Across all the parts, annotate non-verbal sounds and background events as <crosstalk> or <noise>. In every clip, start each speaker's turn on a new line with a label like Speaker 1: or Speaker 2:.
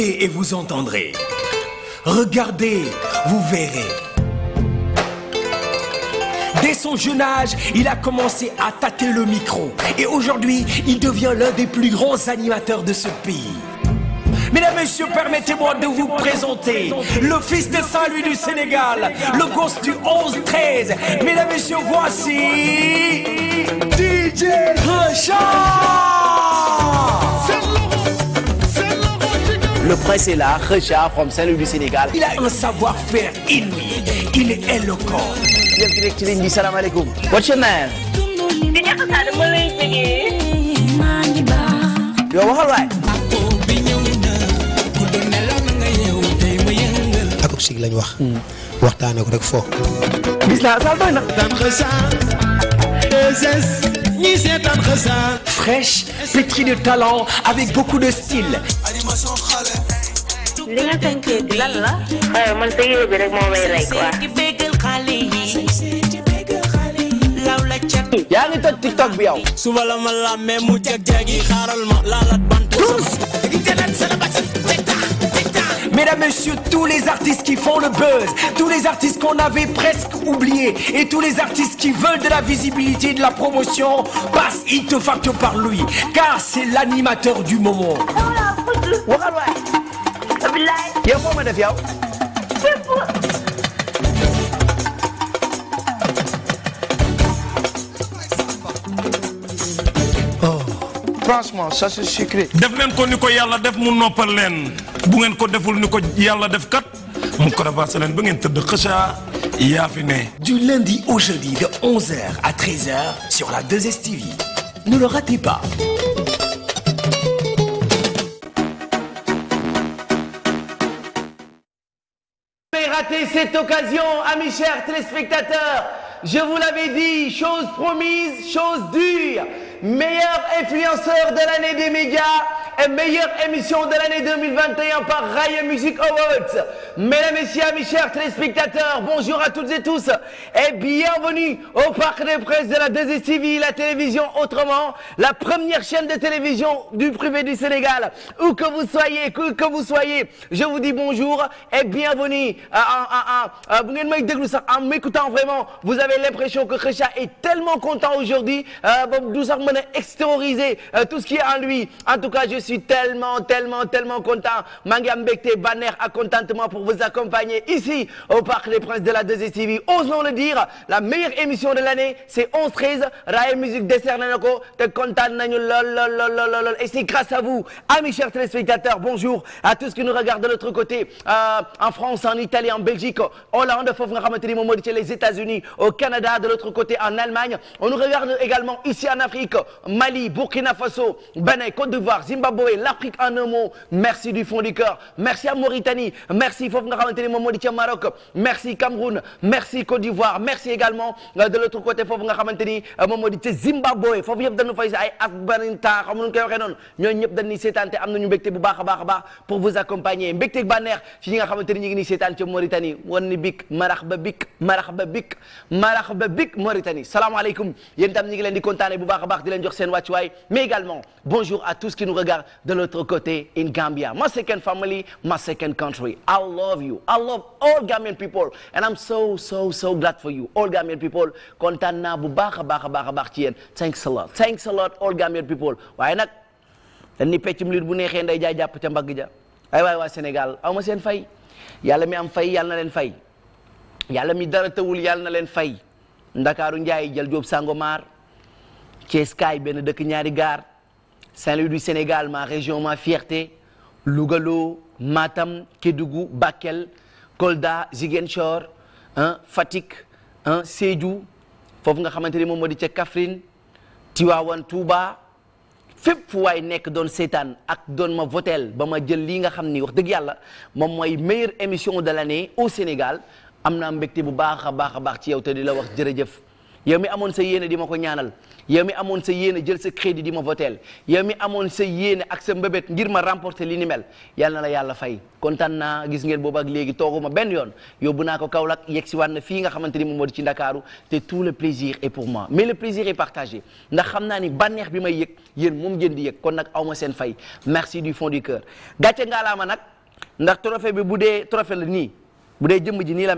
Speaker 1: Écoutez et vous entendrez. Regardez, vous verrez. Dès son jeune âge, il a commencé à tâter le micro et aujourd'hui, il devient l'un des plus grands animateurs de ce pays. Mesdames, Messieurs, permettez-moi de vous présenter le fils de Saint-Louis du Sénégal, le gosse du Mesdames, Messieurs, voici
Speaker 2: Le prince est là, Kheucha from Saint-Louis du Sénégal. Il a un savoir-faire
Speaker 1: inouï. Il est éloquent. Jël ki nekk ci ligne bi
Speaker 2: salaamaaleykum. What's your name? Yow waxal waay.
Speaker 1: ak oxygène lañ wax. Hmm. waxtaanee ko rek foo. gis naa saal doy na. Fraîche, pétrie de talent, avec beaucoup de style.
Speaker 3: li la. waaw ah, man sa yére bi rek moo may rey quoi.
Speaker 2: Hm, yaa ngi toj tiktok bi yow. suba la ma làmmee mu jag jag yi la
Speaker 1: ma laalat bant. Mesdames, Messieurs, tous les artistes qui font le buzz, tous les artistes qu'on avait presque les artistes qui veulent de la visibilité, de la promotion, passent ite facto par lui, car c'est l'animateur du moment. billaay. yow moo oh, def leen ko ni ko yàlla def mu noppal leen bu ngeen ko deful ni ko yàlla def kat mu crevasse leen ba ngeen tëdd xëcaa yaa fi ne. du lundi au de 11 à 13 sur la 2STV. Ne le ratez pas.
Speaker 2: raté cette occasion, amis chers téléspectateurs. Je vous l'avais dit, chose promise, chose dure. Meilleur influenceur de l'année des médias. et meilleure émission de l'année 2021 par Raye Music Awards. Mesdames, Messieurs, mes chers téléspectateurs, bonjour à toutes et tous et bienvenue au Parc des Princes de la 2STV, la télévision autrement, la première chaîne de télévision du privé du Sénégal. Où que vous soyez, je vous dis bonjour et bienvenue en ah, ah, ah, bu ngeen may déglu sax en m'écoutant vraiment, vous avez l'impression que Kheucha est tellement content aujourd'hui, euh, ba du sax mën a euh, tout ce qui est en lui. En tout suis tellement tellement tellement content maa ngi am mbégte bànneex ak pour vous accompagner ici au Parc des Princes de la 2STV osons le dire la meilleure émission de l'année c'est 11 Musique décerné na te kontaan nañu lool et c'est grâce à vous amis chers téléspectateurs bonjour à tous qui nous regardent de l'autre côté euh, en France en Italie en Belgique Hollande foofu nga xamante ni moom les États-Unis au Canada de l'autre côté Boé l'Afrique en un mot merci du fond du cœur merci à Mauritanie merci foofu nga xamante ni moom moo di ca Maroc merci Cameroun merci Côte d'Ivoire merci également euh, de l'autre côté foofu nga xamante ni euh, moom moo di ca Zimbabwe foofu yëpp dañu fay si ay afbarinta xam nu koy waxee noonu ñooñu ñëpp dañuy seetaan te am nañu mbégte bu baax a baax a baax pour vous accompagner mbégte bànneex ci ñi nga xamante ni ñu ngi nii seetaan ca Mauritanie wan ni bik marax ba bik marax ba bik marax ba bik Mauritanie salaamaaleykum yéen tam ñu ngi leen di kontaane bu baax a baax di leen jox seen wàccuwaay mais également bonjour à tous qui nous regardent de l'autre côté in Gambia. Masekan family, Masekan country. I love you. I love all Gambian people. And I'm so, so, so glad for you. All Gambian people, kontaan naa bu baax a baax a baax a baax ci yéen. Thanks a lot. Thanks a lot all Gambian people. Waaye nag dañ ni peccum bu neexee nday jaay jàpp ca mbagg ja. ay waay waa Sénégal aw ma seen fay. Yàlla mi am fay, yàlla leen fay. Yàlla mi dara tawul, yàlla na leen fay. Ndakaaru Njaay jël Jóob Sangomar. Cees kaay benn dëkk ñaari gaar Saint-Louis du Sénégal ma région ma fierté Louga Matam Kédougou Bakel Kolda jigén ah fatik ah Sédhiou foofu nga xamante ni moom moo di ca Kaffrine Tivaouane Touba fépp fu waay nekk doon seetaan ak doon ma votel ba ma jël lii nga xam ni wax dëgg yàlla moom mooy meilleure émission de l'année au Sénégal am naa mbégte bu baax a baax a baax ci yow te di la wax jërëjëf. yow mi amoon sa yéene di ma ko ñaanal yow mi amoon sa yéene jël sa crédit di ma voteel yow mi amoon sa yéene ak sa mbébét ngir ma remporter li ni mel yal na la yàlla fay kontaan naa gis ngeen boobu ak léegi tooguma benn yoon yóbbu naa ko Kaolack yegg si waat na fii nga xamante ni moom moo di ci Ndakaaru te tout le plaisir est pour moi mais le plaisir est partagé ndax xam naa ni bànneex bi may yëg yéen moom ngeen di yëg kon nag awma seen fay merci du fond du cœur gàcce ngaalaama nag ndax bi bu dee trophée la nii bu dee jëmm ji nii la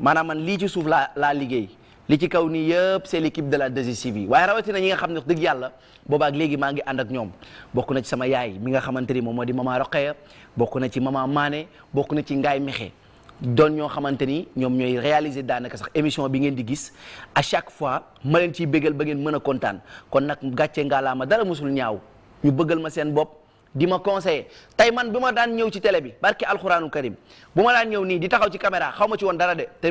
Speaker 2: maanaam man lii ci suuf laa laa liggéey li ci kaw nii yëpp c'est l'équipe de la 2STV waaye rawatina ñi nga xam ne wax dëgg yàlla boobaak léegi maa ngi ànd ñoom bokk na ci sama yaay mi nga xamante ni moom moo di maman Roqeya bokk na ci maman Mané bokk na ci Ngaay Mexe doon ñoo xamante ni ñoom ñooy réaliser daanaka sax émission bi ngeen di gis a chaque fois ma leen ciy bégal ba ngeen mën a kontaan kon nag gàcce ngaalaama dara musul ñaaw ñu bëggal ma seen bopp di ma conseiller tey man bi ma daan ñëw ci ci caméra xaw ma ci woon dara de te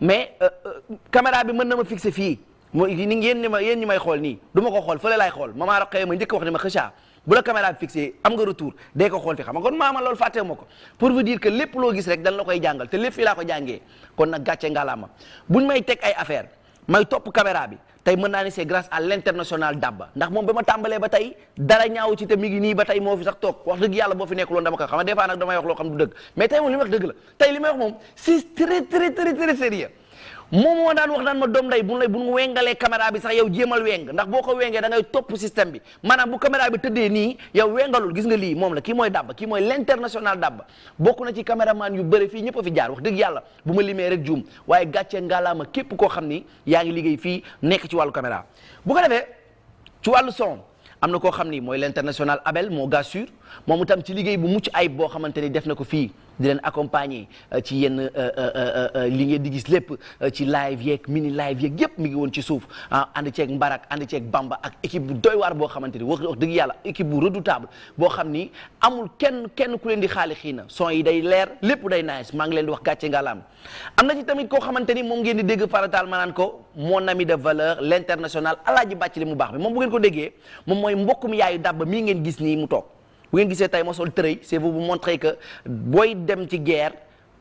Speaker 2: mais euh, euh, caméra bi mën na ma fixé fii mu ni yéen ñi ma yéen ñi may xool nii du ma ko xool fële laay xool maman Roqe ma njëkk wax ne ma xëcaa bu la caméra bi fixé am nga retour day ko xool fi xam nga kon maama loolu fàttewu ma ko pour vous dire que loo gis rek dañ la koy jàngal te lépp fii laa ko jàngee kon nag gàcce ngalaama buñ may teg ay affaire may topp caméra bi tey mën naa ni c'est a à l'international Daba ndax moom ba ma tàmbalee ba tey dara ñaaw ci te mi ba tey moo fi sax toog wax dëgg yàlla boo fi nekk loon dama ko xam ne des fois nag damay wax du dëgg mais tey moom li ma la tey li may wax moom c'est très moom moo daan wax naan ma doom nday bu lay bu ñu wengalee caméra bi sax yow jéemal weng ndax boo ko wengee dangay ngay topp système bi maanaam bu caméra bi tëddee nii yow wengalul gis nga lii moom la kii mooy dàbb kii mooy l'international dàbb bokk na ci caméraman yu bëri fii ñëpp a fi jaar wax dëgg yàlla bu ma limee rek juum waaye gàcce ngalaama képp koo xam ni yaa ngi liggéey fii nekk ci wàllu caméra bu ko defee ci wàllu son am na koo xam ni mooy l'international Abel moo gaa sûr ci liggéey bu mucc ayib boo xamante ni def na ko fii di leen accompagner euh, ci yenn euh, euh, li ngeen di gis lépp ci live mi ni live yeeg yëpp mi ngi woon ci suuf ah ànd ceeg Mbarak ànd ceeg Bamba ak équipe bu doy waar boo xamante ni wax dëgg yàlla équipe bu redoutable boo xam ni amul kenn kenn ku leen di xaali xii na son yi day leer lépp day nice maa ngi leen di wax gàcce ngalaam am na ci tamit koo xamante ni moom ngeen di dégg farataal ma naan ko mon ami de valeur l' international alaaji bàcc li mu baax bi moom bu ngeen ko déggee moom mooy mbokkum yaayu dàbb mii ngeen gis nii mu toog bu ngeen gisee tey ma sol tërëy c'est pour vous montrer que booy dem ci guerre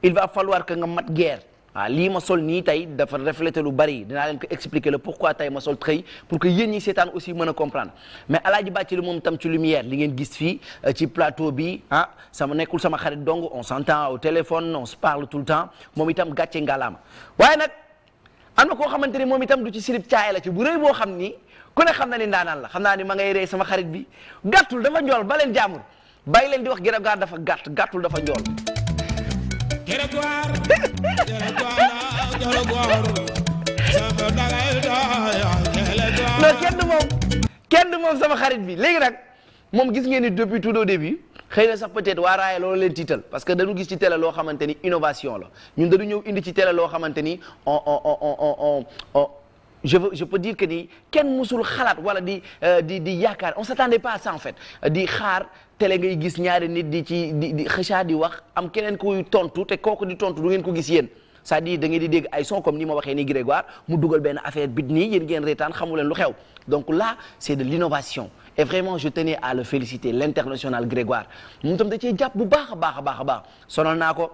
Speaker 2: il va falloir que nga mat guerre waaw lii ma sol nii tey dafa refléter lu bari dinaa leen ko expliquer le pourquoi tey ma sol tey pour que yéen ñi seetaan aussi mën a comprendre mais alaaji bàcci li moom tam ci lumière li ngeen gis fii euh, ci plateau bi ah sama nekkul sama xarit dong on s'entend au téléphone on se parle tout le temps moom itam gàcce ngalaama waaye nag am na koo xamante ni moom itam du boo xam ni ku ne xam na ni ndaanaan la xam naa ni ma ngay rey sama xarit bi gàttul dafa njool ba leen jaamur bàyyi leen di wax gërëm gaar dafa gàtt gàttul dafa njool. gërëm gaar
Speaker 1: gërëm kenn moom kenn moom sama xarit bi
Speaker 2: léegi nag moom gis ngeen ni depuis tout au début. xëy na sax peut-être waa raaya loolu leen tiital parce que dañu gis ci tele loo xamante ni innovation la ñun dañu ñëw indi ci télé loo xamante ni on on on on on. je veux je peux dire que ni musul xalaat wala di euh, di di yaakaar on s'attendait pas à ça en fait di xaar télé ngay gis ñaari nit di ci di di xëcaa di wax am keneen kuy tontu te kooku di tontu du ngeen ko gis yéen sa di dire da ngeen di dégg ay son comme ni ma waxee ni Grégoire mu dugal benn affaire bit nii yéen ngeen reetaan xamu leen lu xew donc là c'est de l'innovation et vraiment je tenais à le féliciter l'international Grégoire moom tam da cee jàpp bu baax a baax a baax a baax naa ko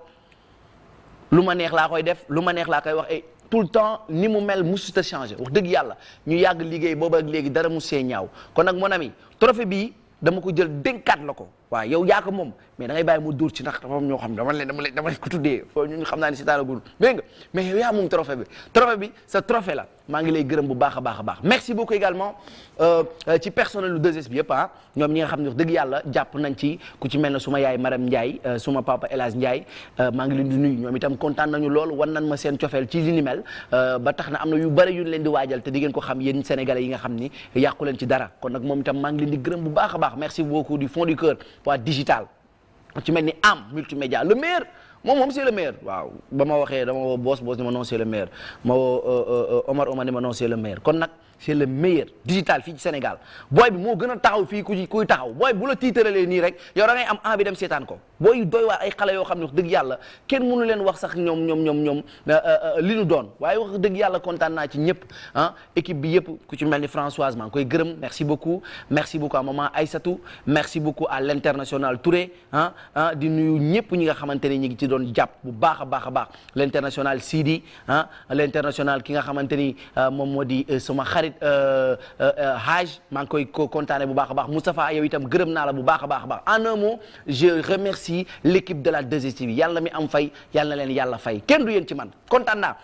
Speaker 2: lu ma neex laa koy def lu ma neex laa koy wax tout le temps ni mu mel musut a changé wax dëgg yàlla ñu yàgg liggéey boobu ak léegi dara mu see ñaaw ko nag mon ami trophée bii dama ko jël dénkaat la ko waaw yow yaa ko moom mais da ngay bàyyi mu dóor ci ndax dafa am ñoo xam dama leen dama leen dama leen ko tuddee foo la maa ngi lay gërëm bu baax a baax a baax merci beaucoup également euh, ci yëpp ah ñoom ñi nga xam ne wax dëgg yàlla jàpp nañ ci ku mel ne suma yaay Maram Ndiaye euh, suma papa El Hadj Ndiaye euh, maa ngi leen di nuyu ñoom itam kontaan nañu lool wan nañ ma seen cofeel ci li tax na am na yu bëri yu leen di waajal te di ngeen ko xam yéen sénégalais yi nga xam ni yàqu leen ci dara kon nag moom itam maa ngi leen di gërëm bu baax a baax merci beaucoup du fond du cœur waa digital mu ci mel ni am multimédia le maire moom moom c'est le maire waaw ba ma waxee dama woo boos boos ni ma non c'est le maire ma woo euh, euh, euh, Omar Omar ni ma non c'est le maire kon nag c'est le meilleur digital fii ci booy bi moo gën a taxaw ku kuy booy bu la tiitaralee nii rek yow da ngay am envie dem seetaan ko booy doy waar ay xale yoo xam ne wax dëgg yàlla kenn mënu leen wax sax ñoom ñoom ñoom ñoom euh, euh, euh, doon waaye wax dëgg yàlla kontaan ci ñëpp ah bi yëpp ku ci mel ni Françoise maa koy gërëm merci beaucoup merci beaucoup à maman Aïssatou merci beaucoup à l'international Touré ah, ah, di nuyu ñëpp ñi nga xamante ci doon jàpp bu baax a a xarit euh, euh, euh, Haj maa koy ko kontaane bu baax a baax Moustapha yow itam gërëm naa la bu baax a baax a baax en un mot je remercie l' équipe de la 2STV yàlla mi am fay yàlla leen yàlla fay kenn du yéen ci man kontaan naa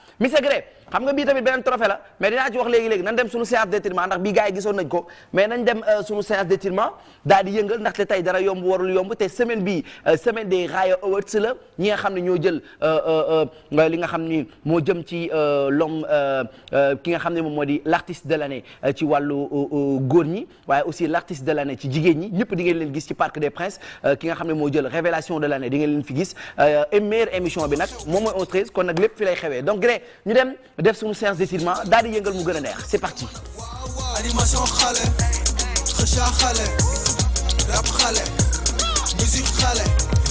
Speaker 2: xam nga bii tamit beneen trophée la mais dinaa ci wax léegi-léegi nan dem suñu séance d'étirement ndax bii gars yi ko mais nañ dem euh, suñu séance d'étirement daal di yëngal ndaxte tey dara yomb warul yomb te semaine bii euh, semaine de Raya Awards ñi nga xam ne ñoo jël euh, li nga xam ni moo jëm ci l'homme ki nga xam ne moom moo di l'artiste de l'année ci wàllu góor ñi waaye aussi l'artiste de l'année ci jigéen ñi ñëpp di ngeen leen gis ci Parc des Princes ki nga xam ne moo jël révélation de l'année di ngeen leen fi gis et meilleure émission bi nag moom mooy kon nag lépp fi lay xewee donc def suñu séance d'étirement daal di mu gën a neex c'est parti.
Speaker 1: animation xale xëca xale rap xale musique xale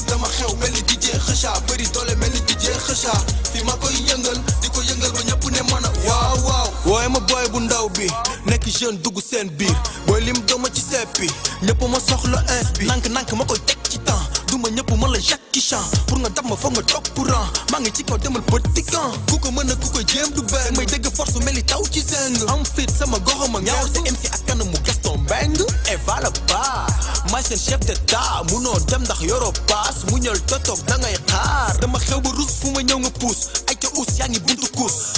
Speaker 1: dama xew mel ni DJ xëca bëri doole mel ni DJ xëca fi ma koy yëngal di ko yëngal ba ñëpp ne mën waaw waaw wooye ma booy bu ndaw bi nekk jeune dugg seen biir booy lim dooma ci seppi ñëpp ma soxla ins bi nank nank ma koy teg ci temps duma ñëpp man la Jackie Chan pour nga dab ma foog nga toog courant maa ngi ci kaw demal petit camp ku ko mën a ku ko jéem du benn may dégg force meli taw ci seng am fit sama gox ma ñaaw te MC ak kanamu Gaston Mbengue Eva la ba maay seen chef d'état munoo dem ndax yoroo paas mu ñëw totoog da ngay xaar e dama xew ba rus fu ma ñëw nga puus ay ca us yaa ngi buntu kuus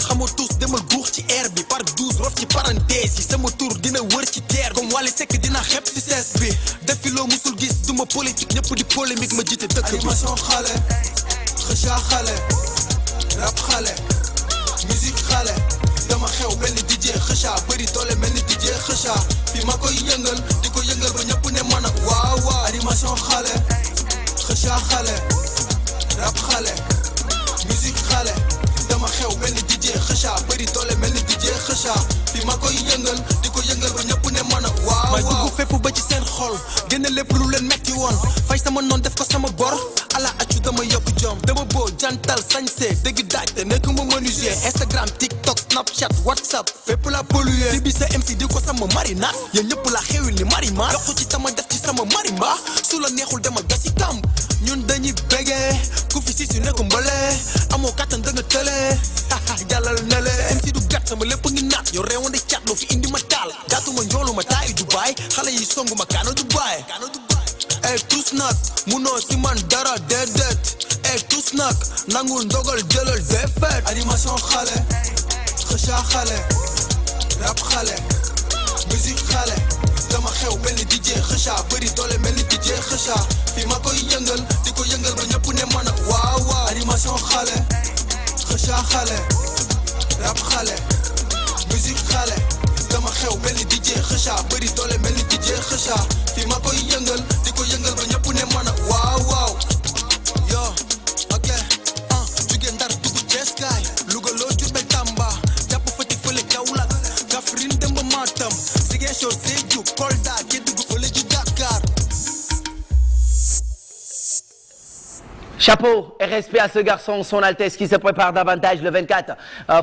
Speaker 2: respect ce garçon son qui se prépare davantage le 24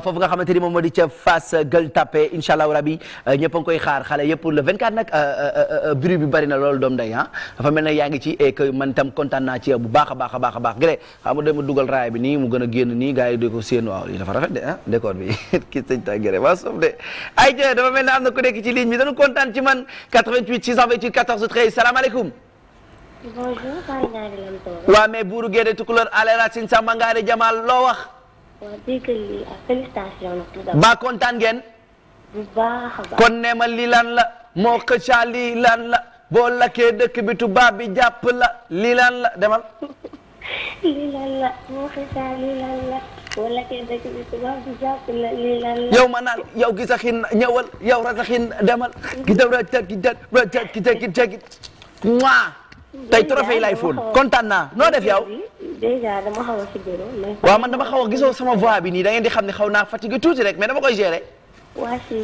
Speaker 2: foofu nga xamante ni di ca Fass Gueule Tapée incha allah rabi euh, a koy xaar xale yëpp pour le 24 nag euh, euh, bruit bi bari na loolu doom day ah dafa mel ne yaa ngi ci et que man tam kontaan naa ci bu baax baax baax a baax gré xam dugal raay bi nii mu gën a génn nii gars yi di ko séen waaw lii dafa rafet de ah bi <laughs> kii sëñ ta gré waa sof de ay dafa mel ne am na ku nekk ci ci man 88
Speaker 3: bonjour Faye Ndiaye
Speaker 2: Lam buuru Gédé Tukulóor Allé Racine Samba Ngaari Jamaal loo wax. waaw dégg lii félicitation kontaan ngeen. bu baax a lan la moo xëcca lii lan la boo lakkee dëkk bi tubaab bi jàpp la lii lan la demal. lii lan
Speaker 3: la moo xëcca lii lan la. wala kay dëkk bi tubaab bi jàpp la lii lan la. yow ma naan
Speaker 2: yow gis nga xin ñëwal yow rasa xin demal. gis nga rajo ki teg ki teg rajo tey trophée yi laay fóol kontaan naa noo def yow. déjà waaw man dama xaw a gisoo sama voix bi nii dangeen di xam ne xaw naa fatigué tuuti rek mais dama koy gérer.
Speaker 3: waa ko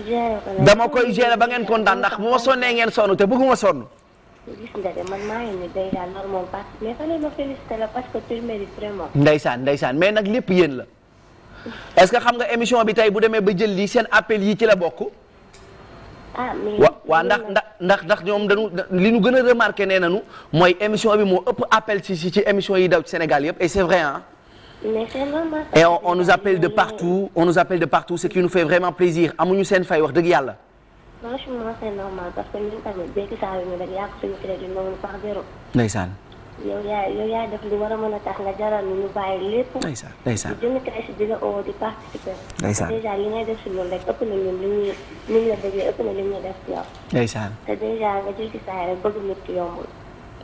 Speaker 3: dama koy gérer ba ngeen kontaan ndax bu ma
Speaker 2: sonnee ngeen sonn te bëgguma sonn.
Speaker 3: gis nga de man maa ngi
Speaker 2: ndeysaan ndeysaan mais nag lépp yéen la est-ce que xam nga émission bi tey bu demee ba jël lii seen appel yi ci la bokk.
Speaker 3: Ah, waaw ndax
Speaker 2: ndax ndax ndax ñoom dañu li ñu gën a remarqué nee nañu mooy émission bi moo ëpp appel ci ci émission yi daw ci Sénégal yëpp et c'est vrai ah et on, on nous appelle de partout on nous appelle de partout ce qui nous fait vraiment plaisir amuñu seen fay wax dëgg yàlla
Speaker 3: franchement c'est normal parce que ñun tamit béykat yi ñu nag yàgg suñu crédit noonu par zéro ndeysaan yow yaay yow yaay a mën a tax nga lépp. ndeysaan ndeysaan di jënd caisse di la oo di participer. ndeysaan dèjà li na ëpp na li ñu def si yow.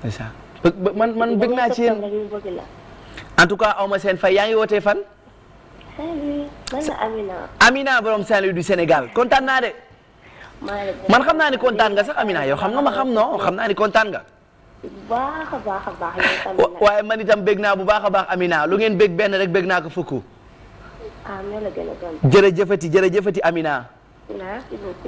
Speaker 2: ndeysaan te man man bëgg naa ci yéen en tout cas awma seen fay yaa yi wootee fan.
Speaker 3: Saint-Louis Amina.
Speaker 2: Amina borom Saint-Louis du kontaan naa de. man xam naa ni kontaan nga sax Amina yow xam nga ma xam non xam naa ni kontaan nga.
Speaker 3: a
Speaker 2: waaye man itam bég naa bu baax a baax naa lu ngeen bég benn rek bég naa ko fukk.
Speaker 3: ah ñoo la gën
Speaker 2: a jërëjëfati naa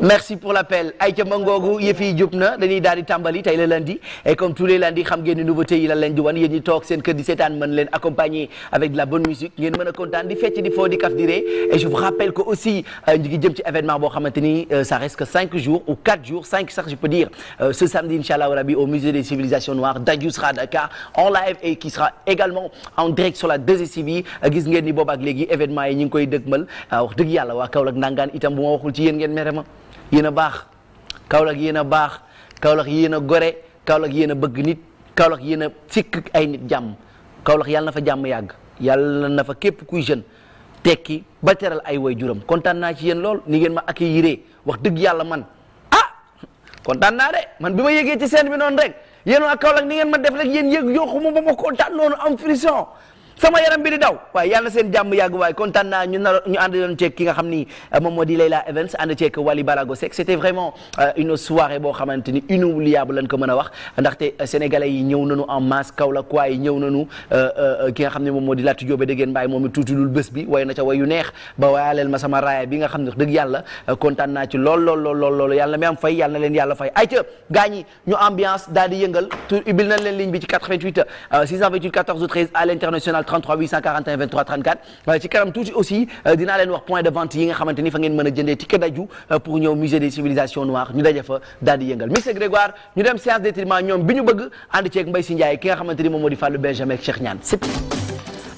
Speaker 2: merci beaucoup pour l'appel Aïcha Mangoogu yi jub na dañuy daal di tàmbali la lundi et comme tous les lundis xam ngeen ni nouveauté yi lan leen di wan seen kër di seetaan mën leen accompagner avec de la bonne musique ngeen mën a kontaan di fecc di foo di kaf di ree je vous rappelle que aussi euh, ñu ngi jëm ci événement boo xamante ni euh, ça reste que jours ou jours je peux dire euh, ce samedi incha allah rabi au musée des civilisations noires Dajju sera Dakar en live et qui yéen ngeen mere ma yéen a baax Kaolack yéen a baax Kaolack yéen gore Kaolack yéen a bëgg nit Kaolack yéen a sikk ay nit jàmm Kaolack yàlla na fa jàmm yàgg yàlla na fa képp kuy jeune tekki ba teral ay way juram kontaan naa ci yéen lool ni ngeen ma accueillir wax dëgg yàlla man ah kontaan naa de man bi ma yëgee ci seen bi noonu rek yéen waa Kaolack ni ngeen def rek yéen yëg yooxuma ba ma kontaan am frisson sama yaram bi di daw waaye seen jàmm yàgg waaye kontaan naa ñu nar ñu nga xam ni euh, moom moo di Evans ànd ceeg Wally Balago Seck c' était vraiment euh, une soirée boo xamante ni inoubliable lañ ko mën wax ndaxte euh, sénégalais yi ñëw nañu en masse Kaolack waaye ñëw nañu ki nga xam ne moom moo di Latou Diop dégg moom it tuuti lul way na ca way yu neex ba wayaleel ma sama raaya bi nga xam ne dëgg yàlla kontaan ci lool lool lool na mi am fay yàlla na leen l' 33 841 23 34 euh, ci kanam tuuti aussi euh, dinaa leen wax point de yi nga xamante fa ngeen mën a jëndee ticket d'adieu pour ñëw musée des civilisations noires ñu daje fa daal yëngal monsieur Grégoire ñu dem séance d'étirement ñoom bi ñu bëgg ànd ceeg Mbaye si Ndiaye ki nga xamante ni moom moo di Fallou Benjamin ak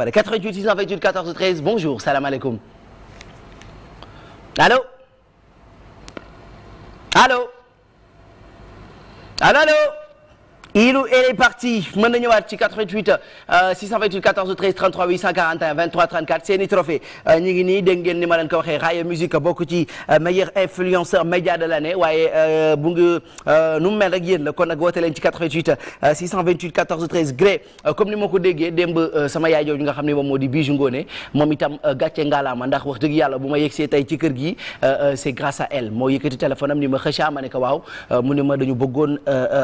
Speaker 2: pare 88 628 14 13 bonjour salaamaaleykum allo allo allo allo. il ou elle est parti mën na ñëwaat ci 88 628 14 13 33 841 23 34 seeni trophée euh, ñu ngi nii dégg ngeen ni ma leen ko waxee Raaya Musique bokk ci euh, meilleur influenceur média de l'année waaye euh, bu ngi nu mu mel rek yéen la kon nag woote leen ci 88 628 14 13 gré comme ni ma ko déggee démb sama yaay jooju nga xam ne moom moo di Bijou Ngoné moom itam gàcce ngalaama ndax wax dëgg yàlla bu ma yegsee tey ci kër gi c'est grâce à elle moo yëkkati téléphone am ni ma xëcaa ma ne ko waaw mu ne ma dañu bëggoon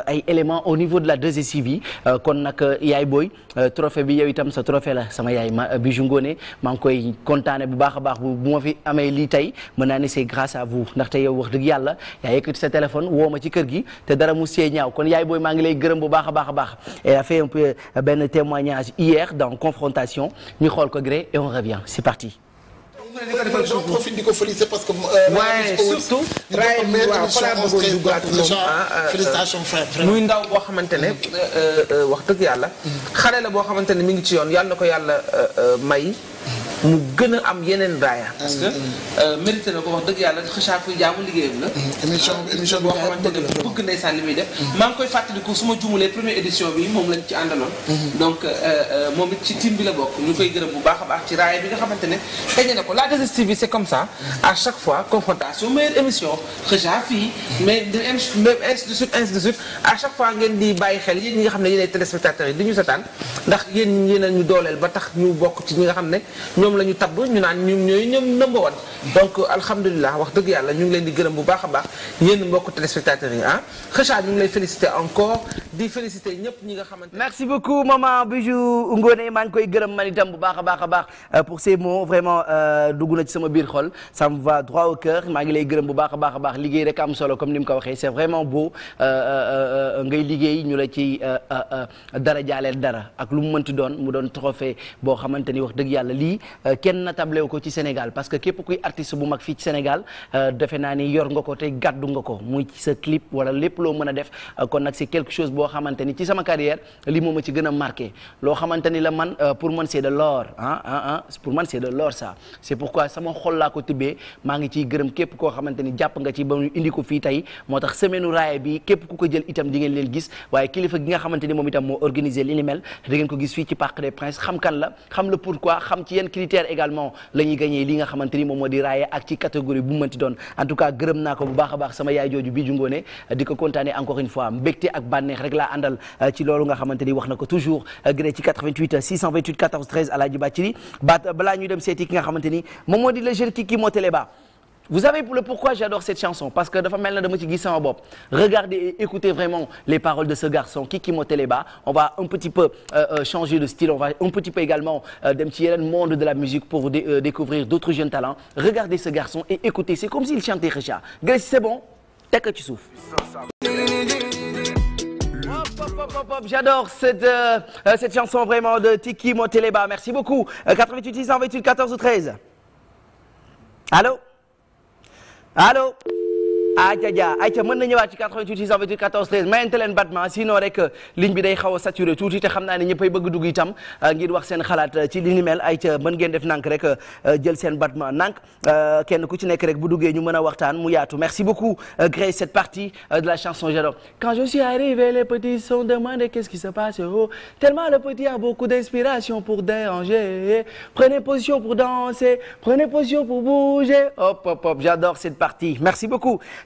Speaker 2: ay éléments au niveau niveau de la 2STV yi euh, kon nag euh, yaay booy euh, trophée bi yow itam sa trophée la sama yaay ma Bijou Ngoné maa ngi koy kontaane bu baax a baax bu bu ma fi amee lii tey mën naa ne c'est grâce à vous ndaxte yow wax dëgg yàlla yaa yëkkati sa téléphone woo ma ci kër gi te dara mu see ñaaw kon yaay booy maa ngi lay gërëm bu baax a baax a baax et a fait un peu benn témoignage hier dans confrontation ñu xool ko gré et on revient c'est parti
Speaker 4: j'en di ko féliciter parce que. waaye
Speaker 1: euh, surtout. Raheem waaw fa laa bëggoon duggaat ah, euh, muy ndaw boo xamante ne euh, wax dëgg yàlla. Mm-hmm. xale la boo xamante ne mi ngi ci yoon yàlla na ko yàlla may. mu gën a am yeneen raaya. parce que euh, mérité ko wax dëgg yàlla
Speaker 2: xëcaa kuy jaamu liggéeyam la. Mm-hmm. émission ah, émission boo xamante ne mm-hmm. maa ngi koy fàttaliku su ma juumalee première édition bi moom lañ ci àndaloon. Mm-hmm. donc euh, euh, moom it ci team bi la bokk ñu koy gërëm bu baax a baax ci raaya bi nga xamante ne gañe na ko la 2STV bi c'est comme ça à chaque fois confrontation meilleure émission xëcaa fii. mais de même ainsi de suite ainsi chaque fois ngeen
Speaker 1: di bàyyi xel yéen ñi nga xam ne yéenay téléspectateurs yi di ñu a dooleel ba tax ñu bokk ci ñi nga xam ne ñoom la ñu tabb ñu naan ñun ñooy ñoom number one donc alhamdulilah wax dëgg yàlla ñu ngi leen di gërëm bu baax a baax yéen mbokk téléspectateurs yi ah Kheucha ñu ngi lay féliciter encore
Speaker 2: di féliciter ñëpp ñi nga xamante merci beaucoup maman Bijou Ngoné maa ngi koy gërëm man itam bu baax a baax a baax euh, pour ces mots vraiment euh, dugg na ci sama biir xol sam me va droit au cœur maa ngi lay gërëm bu baax a baax a baax liggéey rek am solo comme ni mu ko waxee c'est vraiment beau euh, ngay liggéey ñu la ci dara jaaleel dara ak lu mu mënti doon mu doon trophée boo xamante ni wax dëgg yàlla lii Euh, kenn natable ko ci Sénégal parce que képp kuy artiste bu mag fii ci Sénégal euh, defe naa ni yor nga ko te gàddu nga ko muy sa clip wala lépp loo mën a def euh, kon nag c'est quelque chose boo xamante ci sama carrière li moom a ci gën a marqué loo xamante ni la man pour man c'est de l'or ah ah c'est pourquoi sama xol ko tibbee maa ngi ciy gërëm képp koo xamante ni jàpp nga ci ba ñu indi ko fii tey moo tax semaine raaya bi képp ku ko jël itam di ngeen leen gis gi nga xamante ni moom li ni militaire la ñuy gagné li nga xamante ni raaye ak ci catégorie bu mënti doon en tout cas gërëm bu baax baax sama yaay jooju bi jungoone di ko kontaane encore une fois mbégte ak bànneex rek laa euh, ci loolu nga xamante ni toujours euh, gëne ci 88 628 14 13 alaaji dem seeti nga xamante ni moom moo di légère ba vous savez le pourquoi j'adore cette que dafa mel na dama gis sama bopp regardez et écoutez vraiment les paroles de ce garçon Kiki Moteleba on va un petit peu euh, euh, euh, dem ci yeneen monde de la musique pour dé, euh, découvrir d'autres jeunes talents regardez ce garçon et écoutez c'est comme s'il chantait Richard Gracie c'est bon tekk ci suuf J'adore cette euh, cette chanson vraiment de Tiki Moteleba. Merci beaucoup. 88 Allô Adja Dia Aïcha mën na ñëwaat ci 88 628 14 13 mayante leen battement sinon rek ligne bi day xaw a saturé tuuti te xam naa ne ñëppay bëgg dugg itam euh, ngir wax seen xalaat euh, ci li ni mel Aïcha mën ngeen def nank rek euh, jël seen battement nank kenn ku ci nekk rek bu duggee ñu mën a waxtaan mu yaatu merci beaucoup Grace cette partie de la chanson j'adore quand je suis arrivé les petits sont demandés qu'est-ce qui se passe oh tellement le petit a beaucoup d'inspiration pour déranger prenez position pour danser prenez merci beaucoup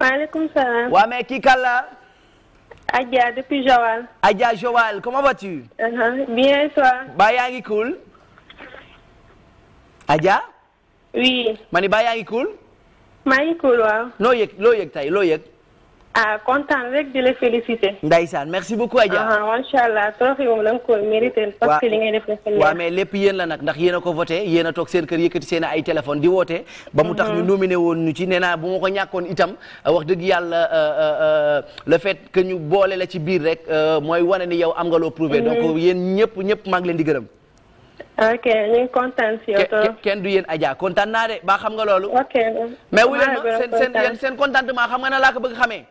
Speaker 2: maaleykum salaam. waa mais kii kan la. Adja depuis Joal. Adja Joal comment vas-tu. Uh-huh, bien et toi. ba yaa ngi cool. Adja. oui. ma ni ba yaa ngi cool. maa ngi cool ah kontaan rek di la féliciter. Ndeysaan merci beaucoup Adja. Ah, macha
Speaker 3: allah trophée moom da nga def
Speaker 2: waaw mais lépp yéen la nag ndax yéen a ko voté yéen a toog seen kër yëkkati seen ay téléphone di woote. ba mu tax ñu mhm. nominé woon ñu ci nee bu ma ko ñàkkoon itam ah, wax dëgg yàlla ah, le fait que ñu boole la ci biir rek mooy wane ni yow am nga loo prouvé. donc mhm. yéen ñëpp ñëpp maa ngi leen di gërëm. ok ñu ngi du yéen Adja kontaan naa de ba xam nga loolu. ok mais wuy ma seen seen xam nga na laa ko bëgg xamee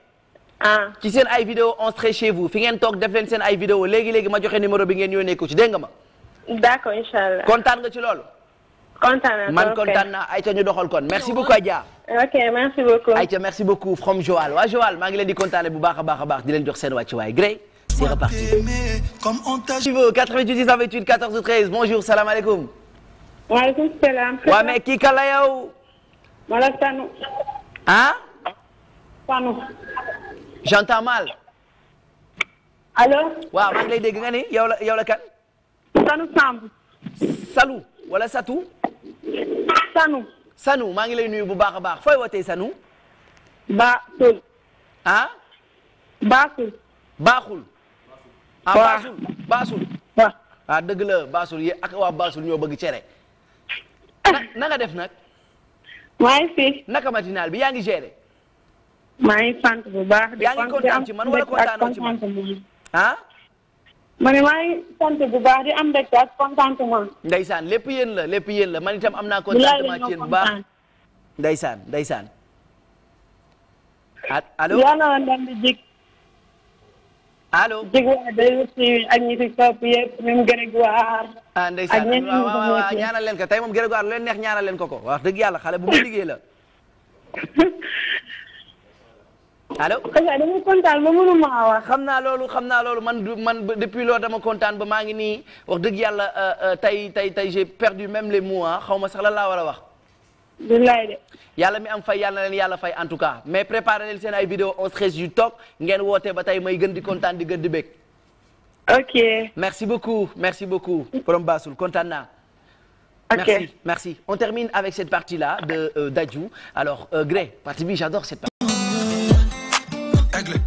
Speaker 2: ah ci seen ay vidéo on serait chez vous fi ngeen toog def leen seen ay vidéo léegi léegi ma joxe numéro bi ngeen yónnee ko ci dégg nga ma. d'accord incha allah kontaan nga ci loolu. kontaan naa man kontaan naa Aïcha ñu doxal kon merci beaucoup Adja. ok merci beaucoup. Aïcha merci beaucoup from Joal waa maa ngi leen di kontaane bu baax a baax a baax di leen jox seen ma la Tanu. ah. j'entends mal. allo. waaw maa ngi lay dégg nga ni la kan. Sanu Samb. Salu wala Satu. Sanu. Sanu maa ngi lay nuyu bu baax a baax fooy wootee Sanu. Baaxul. ah. Baaxul. Baaxul. ah Baaxul Baaxul. waaw ah dëgg la Baaxul yéen ak waa Baaxul ñoo bëgg cere. na nga def nag. maa ngi fi. naka matinal bi yaa ngi géré. maa ngi sant bu baax. di kontaan ci man wala kontaanoo ci man ah. ma ne maa ngi sant bu baax di am mbégte ak contentement. ndeysaan lépp yéen la lépp yéen la man itam am naa contentement ci yéen bu baax. ndeysaan ndeysaan. allo
Speaker 3: yal na la ndam di jig. allo jig waa day si ak ñi fi topp yëpp même Grégoire. ah ndeysaan waaw waaw ñaanal leen
Speaker 2: ko tey moom Grégoire lu leen neex ñaanal leen ko ko wax dëgg yàlla xale bu mu liggéey la. <laughs> alo xanaa dama kontaan ba mënu maa wax. xam naa loolu xam naa loolu man du man depuis loolu dama kontaan ba maa ngi nii wax dëgg yàlla euh, euh, tey tey tey j'ai perdu même les mots ah. xaw ma sax lan laa war a wax. billaay yàlla mi am fay yàlla na leen yàlla fay en tout cas mais préparé leen seen ay vidéo on stress yu toog ngeen woote ba tey may gën di kontaan di gën di bég. ok. merci beaucoup merci beaucoup. borom baasul kontaan naa. ok merci merci on termine avec cette partie là de euh, Dadju euh, Gré partie bi j'adore Ta gueule.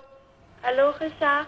Speaker 3: Allô, Richard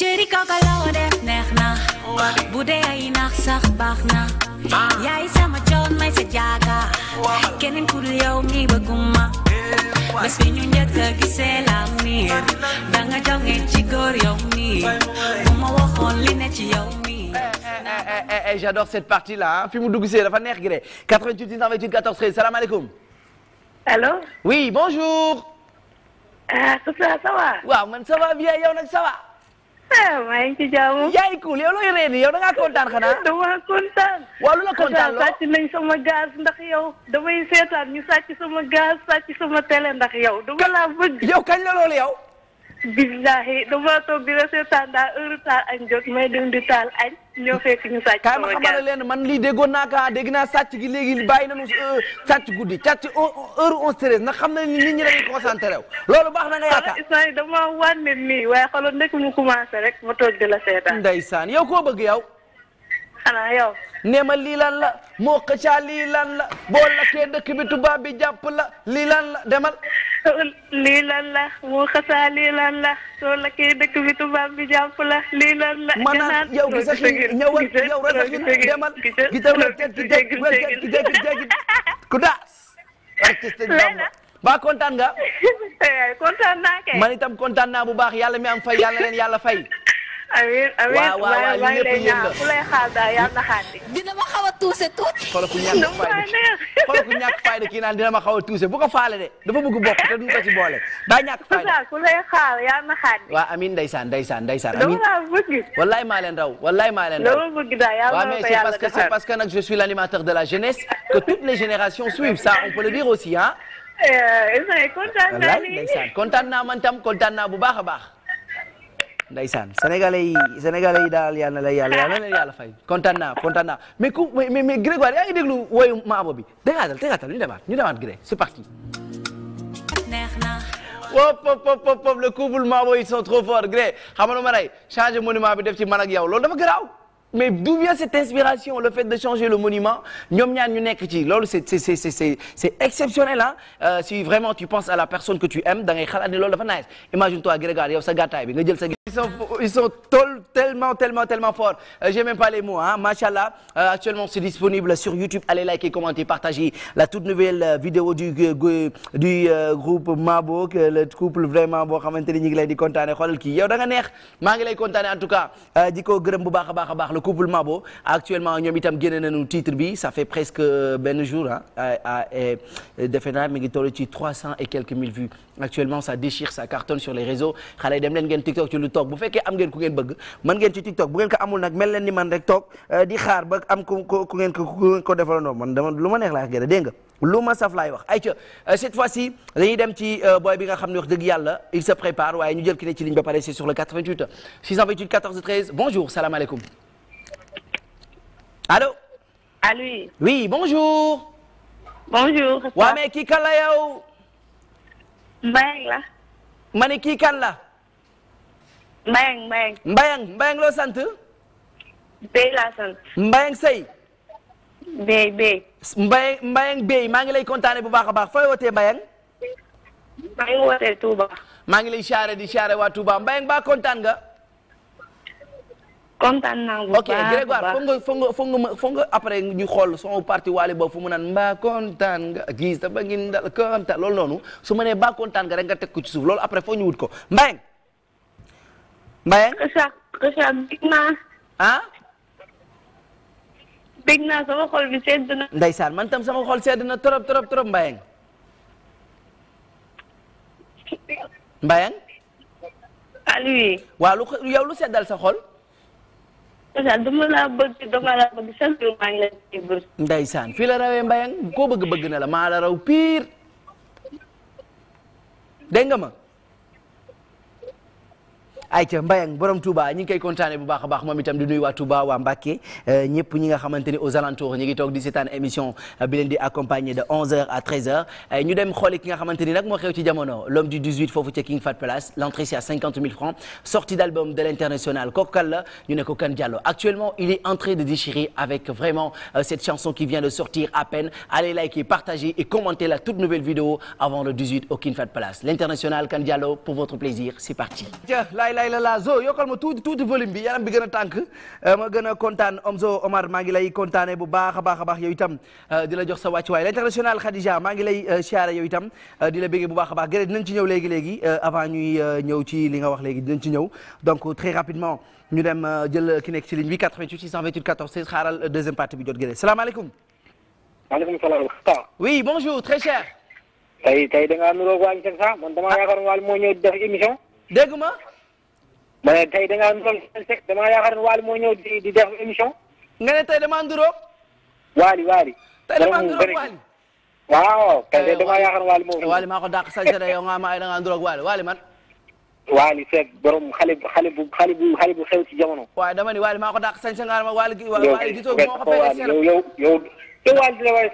Speaker 5: Kjeri kakala og det nekna Bude jeg i nax sax bakna Jeg sama chon mai se jaga Kenin kulu yo mi baguma Mas vinyo njata gisela mir Danga jongen chigor yo mir Uma wakon linechi yo mir
Speaker 2: ay eh, j'adore cette partie la fi mu dugg see dafa neex gi de 88 628 14 13 salaamaaleykum. allo. oui bonjour. ah Soufla ça va. waaw man ça va bien yow nag ça va. ah maa ngi ci jàmm. yaay cool yow looy reen yow da ngaa kontaan xanaa. <laughs>
Speaker 3: dama kontaan. waaw lu la kontaan loo sàcc nañ sama gaz ndax yow. damay seetaan ñu sàcc sama gaz sàcc sama télé ndax yow. dama laa bëgg. yow kañ la loolu yow. billahi
Speaker 2: dama toog di la seetaan daa heure taal añ jot may dem di taal ñoo fekk ñu sàcc ma xamal leen man lii déggoon naa ka ah, dégg naa sàcc gi léegi bàyyi nañu euh, sàcc guddi sàcc heure onze treize ndax xam na ni nit ñi dañuy concentré wu loolu baax na nga yaakaar Ismaïla dama wan ne nii waaye xoolal ndekk rek ma toog di la seetaan ndeysaan yow koo bëgg yow xanaa yow nee ma lii lan la mo xëcaa lii lan la boo lakkee dëkk bi tubaab bi jàpp la lii lan la demal lii lan la moo xasaa lii lan la soo la kii dëkk bi tubaab bi jàpp la lii lan la. maanaam yow gi sax ñëwal yow rek sax ñu demal gi dem rek teg ci jéggi jéggi jéggi jéggi ku daas. artiste Bamba ba kontaan nga. kontaan naa kay. man itam kontaan naa bu baax yàlla mi am fay yàlla leen yàlla fay. amiin amiin waaw waaw waaye lay ñaan
Speaker 5: a tuuse tuuti. xoolal ku ñàkk fayda
Speaker 2: xoolal ku ñàkk ma xaw a tuuse bu ko faale de dafa bëgg bokk te duñ ko ci boole. daa ñàkk fayda ku waa xaar yàlla na xaati. waaw amiin ndeysaan ndeysaan ndeysaan. amiin dama bëgg. wallaay maa leen raw wallaay maa leen raw. parce que nag je suis l'animateur de la jeunesse que toutes les générations suivent ça on peut le dire aussi ah. kontaan naa man tam kontaan bu baax a baax ndeysaan sénégalais yi sénégalais yi daal yàlla na la yàlla yàlla na la yàlla fay kontaan naa kontaan naa mais ku mais mais Grégoire yaa bi dégaatal dégaatal ñu demaat ñu demaat Gré c'est parti pop pop pop le couple maabo yi sont trop forts Gré xam nga ma rey changé monument bi def ci man ak yow loolu dafa garaaw mais d'où vient cette inspiration le fait de changer le monument ñoom ñaar ñu nekk ci loolu c'est c'est c'est c'est c'est exceptionnel ah si vraiment tu penses à la personne que tu aimes da ngay xalaat imagine toi Grégoire yow sa gàttaay bi ils sont tellement tellement tellement euh, j'ai même pas les machallah euh, actuellement c'est disponible sur YouTube allez liker commenter partager la toute nouvelle vidéo du groupe Mabo le couple vraiment boo xamante ni ñu ngi lay di kontaanee xoolal kii yow da nga neex en tout cas di ko a a le couple Mabo actuellement ñoom itam génne nañu titre bi ça fait presque euh, benn jour ah defe naa mi ngi toll ci trois cent et quelques mille vues actuellement ça déchire ça cartonne sur les réseaux xale yi dem leen ngeen TikTok ci bu fekkee am ngeen ku ngeen bëgg mën ngeen ci TikTok bu ngeen ko amul nag mel man rek toog euh, di xaar ba am ku ku ngeen ku ngeen ko defalandoo man dama lu ma neex laa gën a lu ma saf laay wax euh, cette fois bi nga xam ne wax dëgg yàlla il se prépare le 88 628 14 allo. allo. oui bonjour. bonjour. waa mais kii kan la yow. Mbayang la. ma ne kii kan la. Mbayang Mbayang. Mbayang Mbayang loo sant. Bey laa sant. Mbayang Sey. Bey Bey. Mbayang Mbayang Bey maa ngi lay kontaane bu baax a baax fooy wootee Mbayang. maa ngi wootee Touba. maa ngi lay siyaare di siyaare waa Touba Mbayang ba kontaan nga. kontaan naa bu baax ok Grégoire foog nga foog nga foog nga foog nga après xool son parti waale boobu fu mu naan mbaa kontaan nga gis da ba ngeen dal kontaan loolu noonu su ma nee mbaa kontaan nga rek nga teg ko ci suuf loolu après foo ñu wut ko Mbayang. Mbayang. Richard Richard bég naa. ah. bég naa sama xol bi sedd na. ndeysaan man tam sama xol sedd na trop trop trop Mbayang. Mbayang. allo. waaw lu seddal sa xol. ndeysaan dama laa bëgg dama ndeysaan fii la rawee mbayang koo bëgg bëgg na la maa la raw pire dégg nga ma. ayca Mbayang borom Touba ñi ngi koy kontaane bu baax a baax moom itam di nuyu waa Touba euh, xamante ni aux alentours ñu ngi toog di seetaan émission euh, bi leen di accompagner de 11 à 13h euh, dem xooli ki nga nag moo xew ci jamono l'homme du 18 foofu ca King Fat Palace l'entrée c'est à 50 000 francs sortie d'album de l'international kookal la ñu ne ko actuellement il est en de déchirer avec vraiment cette chanson qui vient de sortir à peine ilaha illallah yokkal ma tuuti tuuti volume bi gën a tànk euh, ma gën a kontaan Omzo Omar maa lay kontaane bu baax a baax a euh, di la jox sa wàccuwaay l'international Khadija maa ngi lay euh, siyaare yow di la béggee bu baax a baax gëré dinañ ci ñëw léegi léegi avant ñuy ñëw ci li nga wax léegi dinañ ci ñëw donc très rapidement ñu dem jël ki nekk ci ligne bi 88 deuxième partie bi jot gëré salaamaaleykum maaleykum salaam ah. oui bonjour très cher
Speaker 3: tey tey da ngaa nuróog waa ISRA ah. moo ñëw ma ne tey da ngaa ndool sek damaa yaakaar ne Waly moo ñëw di di def émission. nga ne tey
Speaker 2: damaa nduróo. Waly Waly. tey damaa nduróo Waly. waaw tey eh, damaa yaakaar Waly moo. Waly maa ko dàq sa jërë yow nga ma ay da ngaa nduróo Waly Waly man.
Speaker 3: Waly Seck borom xale bu xale bu xale bu xale bu xew ci jamono.
Speaker 2: waaye dama ni Waly maa ko dàq sañ sa nga ma Waly gi. yow yow yow te waaj la waaye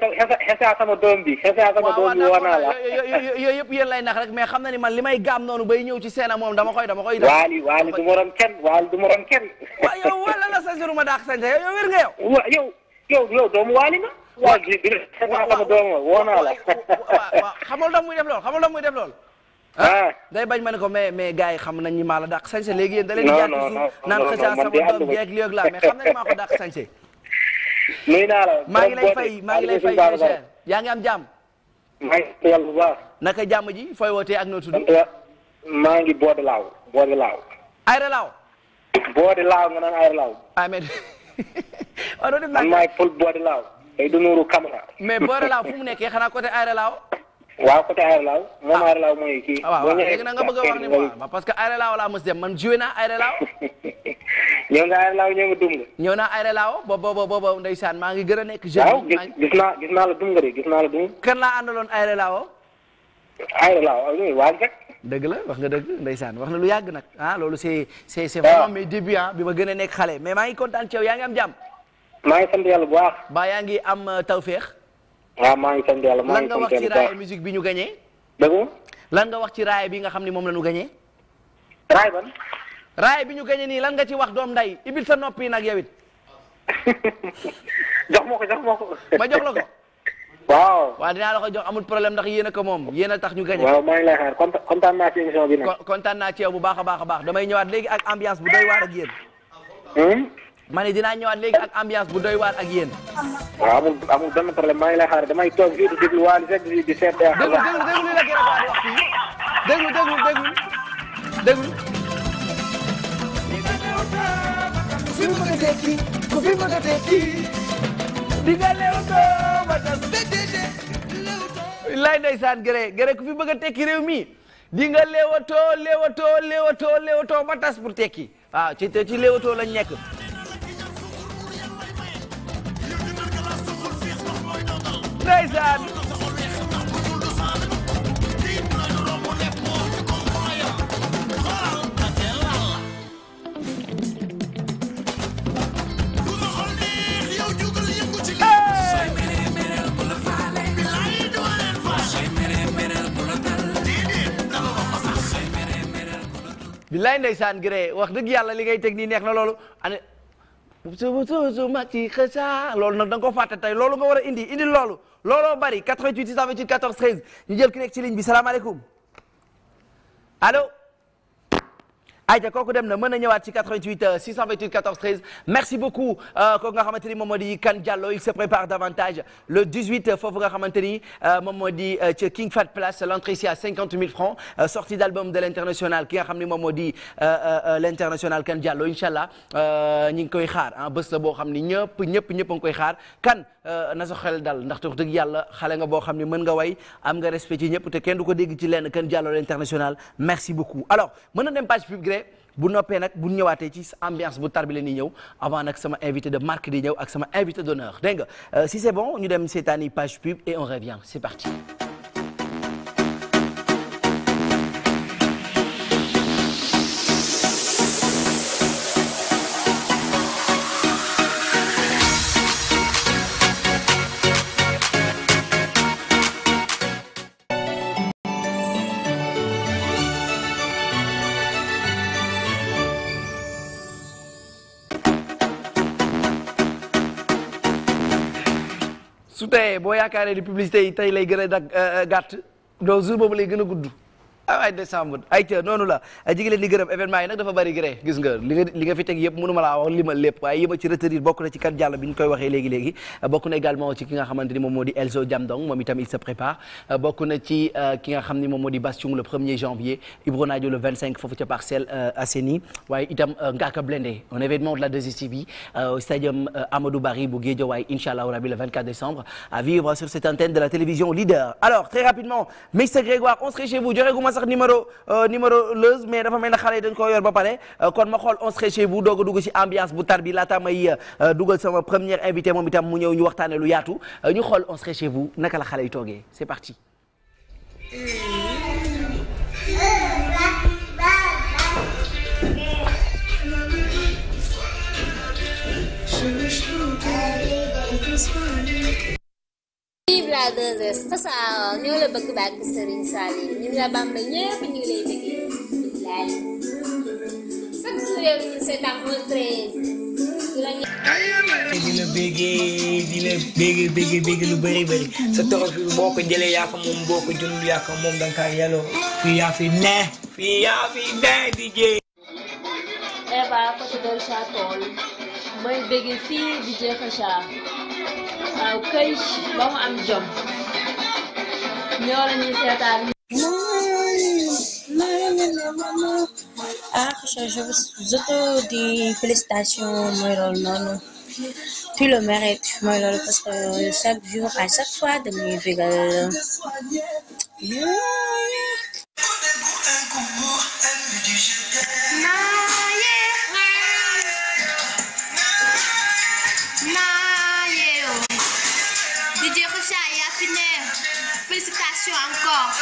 Speaker 2: xesaa sama doom bi xesaa sama doom bi woo naa la yooyu yëpp yéen lay nax rek mais xam na ni man li may gaam noonu bay ñëw ci seen moom dama koy dama koy waali
Speaker 3: waali du moroom kenn waali du moroom
Speaker 2: kenn waaw yow wala la sa jour ma daax sañ yow yow wér nga yow
Speaker 3: waaw yow yow yow doomu waali nga waaw bi bi xesaa sama doom ma woo naa la
Speaker 2: waaw xamul dam muy def lool xamul dam muy def lool ah. ah day bañ ma ne ko mais mais gars yi xam nañ ni maa la dàq sañse léegi yéen da leen di jaar ci suuf naan xëcaa sama doom jeeg lii ak laa mais xam nañ maa ko dàq sañse nuyu naa la. lay fay maa ngi lay fay yaa ngi am jàmm. maa ngi sant yàlla bu baax. jàmm ji fooy wootee ak noo tudd. Eh, maa ngi boodi law boodi laaw. ayra laaw. boodi laaw nga naan ayra laaw. ah mais. waaw loolu
Speaker 3: def boodi laaw. tey
Speaker 2: boodi laaw fu mu nekkee xanaa côté ayra laaw.
Speaker 3: waaw côté aérelaw ah. moom aérelaw mooy kii. Ah, waaw a wax ni waaw
Speaker 2: parce que aérelaw laa mos dem man joué naa aérelaw. <laughs> ñëw nga nga Dunga. ñëw naa aérelaw boobu boobu maa ngi gën a nekk. la Dunga de gis naa la Dunga. kan laa àndaloon aérelaw. aérelaw waaw rek. dëgg la wax nga dëgg ndeysaan wax na lu yàgg nag ah loolu c'est c'est c'est vraiment mes ah, bi ma gën a nekk xale mais maa ngi kontaan ci yow yaa ngi am jàmm. maa ngi sant yàlla bu baax. ba yaa ngi am euh, tawféex waaw maa ngi maa lan nga wax ci raaya musique bi ñu gagné. dëgg lan nga wax ci raaya bi nga xam ni moom la ñu gagné. raaya ban. raaya bi ñu gagné nii lan nga ci wax doom nday ibil sa noppi nag yow it. <laughs> jox ma ko jox ma ko. ma jox la ko. <laughs> waaw. waaw dinaa la ko jox amul problème ndax yéen ko moom yéen a tax ñu gagné. waaw maa ngi lay xaar kontaan naa ci yow bu baax a baax a baax damay ñëwaat léegi ak ambiance bu day waar ak yéen. Hmm? ma ne dinaa ñëwaat léegi ak ambiance bu doy waar ak yéen.
Speaker 3: waaw amul amul benn problème lay xaar damay toog fii a wax déglu déglu
Speaker 1: déglu déglu. tekki ku fi bëgg tekki
Speaker 2: di réew mi di nga leewatoo leewatoo leewatoo leewatoo ba tas pour tekki waaw ah, ci ci leewatoo lañ nekk ndeysaan billaay ndeysaan Gré wax dëgg yàlla li ngay teg nii neex na loolu suba suba suba ci xëcca loolu nag da nga ko loolu nga war indi indi loolu looloo bari 88 628 14 13 ñu jël ki ayca kooku dem na mën na ñëwaat ci 88 628 14 13 merci beaucoup euh, kooku nga xamante ni moom moo di Kane Diallo il se prépare davantage le 18 euh, foofu nga xamante ni euh, moom moo di ca King Fat Place l'entrée ici à 50 000 francs sortie d'album de l'international ki nga xam ni moom moo di l'international Kane Diallo incha allah ñu ngi koy xaar ah bés la boo xam ni ñëpp ñëpp ñëpp a ngi koy xaar kan. Euh, na sa xel dal ndax wax yàlla xale nga boo xam ne mën nga way am nga respect ci ñëpp te kenn du ko dégg ci lenn kenn jàlloo international merci beaucoup alors mën na dem page publique bu noppee nag bu ñëwaatee ci ambiance bu tar bi la ñuy ñëw avant nag sama invité de marque di ñëw ak sama invité d'honneur dégg nga euh, si c'est bon ñu dem seetaani page pub et on revient c'est parti boo yaakaaree ni publicité yi tey lay gën a dag euh, euh, gàtt donc jour boobu lay gën a gudd ah waay décembre ay ca la a ah, ngi leen di événement yi nag dafa bari gré gis nga li nga li nga fi teg wax li ma waaye yëma ci retenir bokk na ci kat jàll bi koy waxee léegi-léegi ah, bokk na également ci ki nga xamante ni moom di Elzo Jamdong moom itam il se prépare ah, bokk na ci ki nga xam ni moom di Bastion le 1er janvier Ibro le 25 foofu ca Parcelles waaye itam Ngaaka Blindé un événement de la décembre à vivre sur cette antenne de sax numéro euh, numéro leuse mais dafa mel ne xale yi dañ ko yor ba pare euh, kon ma xool on serait chez vous doog a dugg ci ambiance bu tar bi laata may euh, dugal sama première invité moom itam mu ñëw ñu waxtaane lu yaatu ñu xool on serait chez naka la xale yi toogee c'est parti
Speaker 1: mmh.
Speaker 3: la 2S Tassaaw ñoo la bëgg
Speaker 5: bàkk Serigne Saliou ñun la Bamba ñëpp ñu ngi lay
Speaker 3: déggee laaj
Speaker 5: chaque jour yow ñu seetaan mooy treize
Speaker 1: di la
Speaker 3: béggee di la béggee lu bëri bëri sa toro bi boo ko jëlee yaa moom boo ko jëlul yaa moom danga kaa yaloo fi ne fii yaa fi ne di jéey
Speaker 5: Eva Petit Dore sa tool may bëgg fii di Kheucha waaw këy ba mu am jom ñoo la ñuy seetaan. ah je vous auto di félicitation mooy loolu noonu tu le
Speaker 3: mérites mooy loolu parce que chaque jour à chaque fois dañuy bégal. attention encore.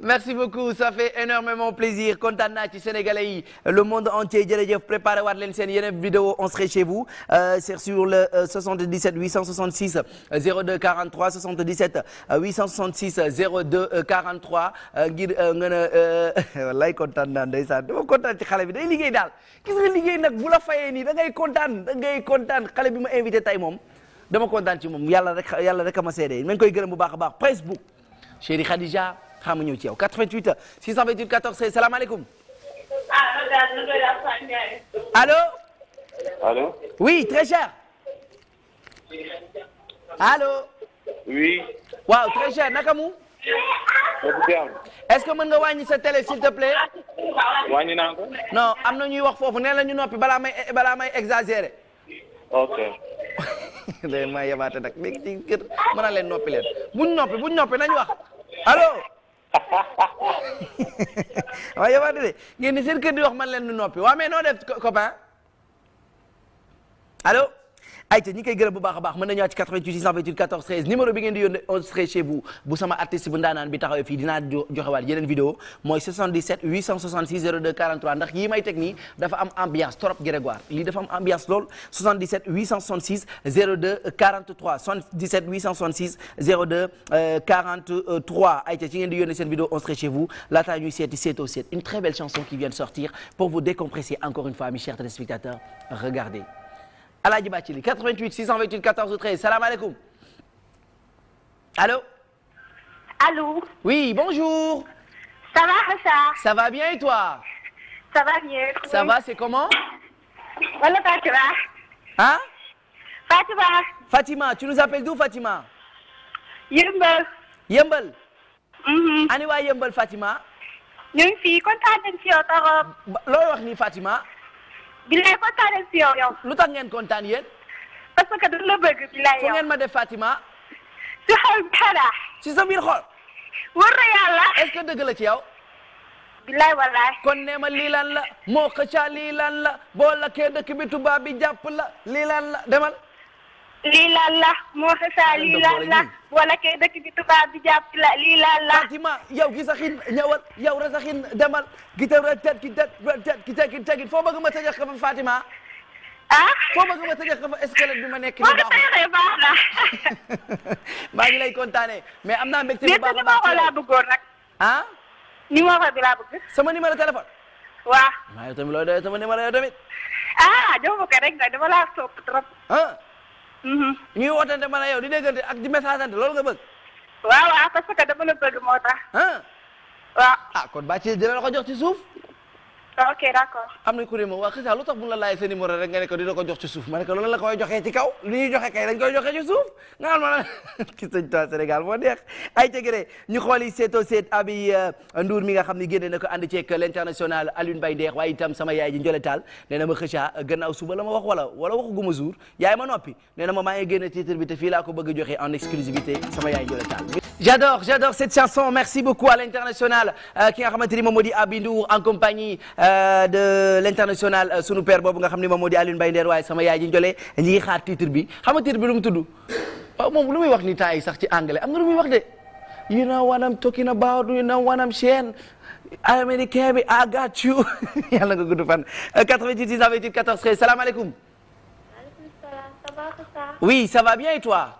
Speaker 2: merci beaucoup ça fait énormément naa ci sénégalais le monde entier jërëjëf préparé waat leen seen yeneen vidéo on serait chez vous euh, c'est sur le 77 866 02 43 77 866 02 43 ngir euh, ngeen euh, a <laughs> wallaay kontaan naa ndeysaan dama kontaan ci xale bi day liggéey daal gis nag bu la fayee nii da ngay kontaan da ngay kontaan xale bi ma invité tay moom. dama kontaan ci moom yàlla rek yàlla rek a ma seede ma ngi koy gërëm bu baax a baax Facebook chéri Khadija xam nga ñëw ci yow 88 628 14 salaamaaleykum. allo. allo. oui très cher. allo. oui. waaw très cher naka mu. est-ce que mën nga wàññi sa télé s'il te plaît. wàññi naa ko. non am na ñuy wax foofu nee la ñu noppi balaa may balaa may exagérer. da <laughs> ngeen maa yabaate nag léegi kër mën naa leen noppi bu buñ noppi buñ noppi nañ wax allo <laughs> waaw yabaate de ngeen ni kër di wax man leen nu noppi waaw mais noo def copain allo ayca ñi ngi koy gërëm bu baax a baax mën nañu ci 88 628 14 13 numéro bi ngeen di yónnee 11 13 chez vous bu sama artiste bu ndaanaan bi taxawee fii dinaa joxewaat yeneen vidéo mooy 77 may teg dafa am ambiance trop Grégoire lii dafa am ambiance lool 77 866 02 43 77 866 02 43 ayca ci ngeen di yónnee seen vidéo 11 13 chez une très belle chanson qui vient sortir pour vous décompresser encore une fois mes chers téléspectateurs regardez Alaaji Bathily 88 628 14 13 salaamaaleykum allo. allo. oui bonjour. ça va Kheucha. ça va bien et toi. ça va bien. ça va c'est comment. wala Fatima. ah. Fatima. tu nous appelles d'où Fatima. Yëmbal. Yëmbal. Mhm. ani waa Yëmbal Fatima. ñu Fatima. bilaay kontaanee si yow yow. lu tax kontaan yéen. parce la ma def Fatima. ci xol bi xanaa. sa biir xol. war na yàlla. est que dëgg la ci yow. bilaay walaay. kon nee ma lii lan la moo xëcaa lan la boo lakkee dëkk bi tubaab bi jàpp la lii la demal. lii laa la moo xasaa lii laa wala kay dëkk bi tubaab bi jàpp lii laa Fatima yow gi saxin ñëwal yow ra saxin demal gi te ra tet ki tet ra tet ki tegit tegit foo bëgg ma tëjee Fatima ah foo bëgg ma tëjee xafa squelette bi ma nekk ni baaxul baax na <laughs> maa ngi lay kontaane mais am naa mbégte bu baax a baax laa bëggoon nag ah numéro bi laa bëgg sama numéro téléphone waaw maa yow tamit looy doy sama numéro yow tamit ah jox ma ko rek nag dama laa sopp trop ah Mm-hmm. ñuy wootante man a yow di déggante ak di messageante loolu nga bëgg waaw waaw parce que dama la bëgg moo tax ah waaw ba kon bàcci dina la jox ci suuf ah ok d'accord. am na ku ne ma waa Kheucha lu tax bu la laajee sa numéro ne ko dina ko jox ci suuf ma ne ko loolu la koy joxee kaw lu ñuy joxe kay dañ koy joxe ci suuf nga ma ki sëñ Touba Sénégal moo neex ay jegere ñu xooli seeto seet abi euh, Ndour mi nga xam ne génne na ko ànd ceeg l'international Alioune bay Deex waaye itam sama yaay ji Ndiolé Tall nee na ma Kheucha gannaaw suba la ma wax wala wala waxu guma jour yaay ma noppi nee na ma maa ngi génne titre bi te fii laa ko bëgg a joxe en exclusivité sama yaay Ndiolé Tall j'adore j'adore cette chanson merci beaucoup à l'international euh, ki nga xamante ni moom moo di Abindour en compagnie euh, de l'international euh, sunu père boobu nga xam ne moom moo di Alioune Mbaye Nder waaye sama yaay ji njole ñi ngi xaar bi xam nga bi lu mu tudd waaw moom lu wax ni taa yi sax ci anglais am nga lu muy wax de you know what I'm talking about you know what I'm saying américain bi I got you <laughs> yàlla nga gudd fan 98 98 14 13 salaamaaleykum. maaleykum salaam ça va. oui ça va bien et toi.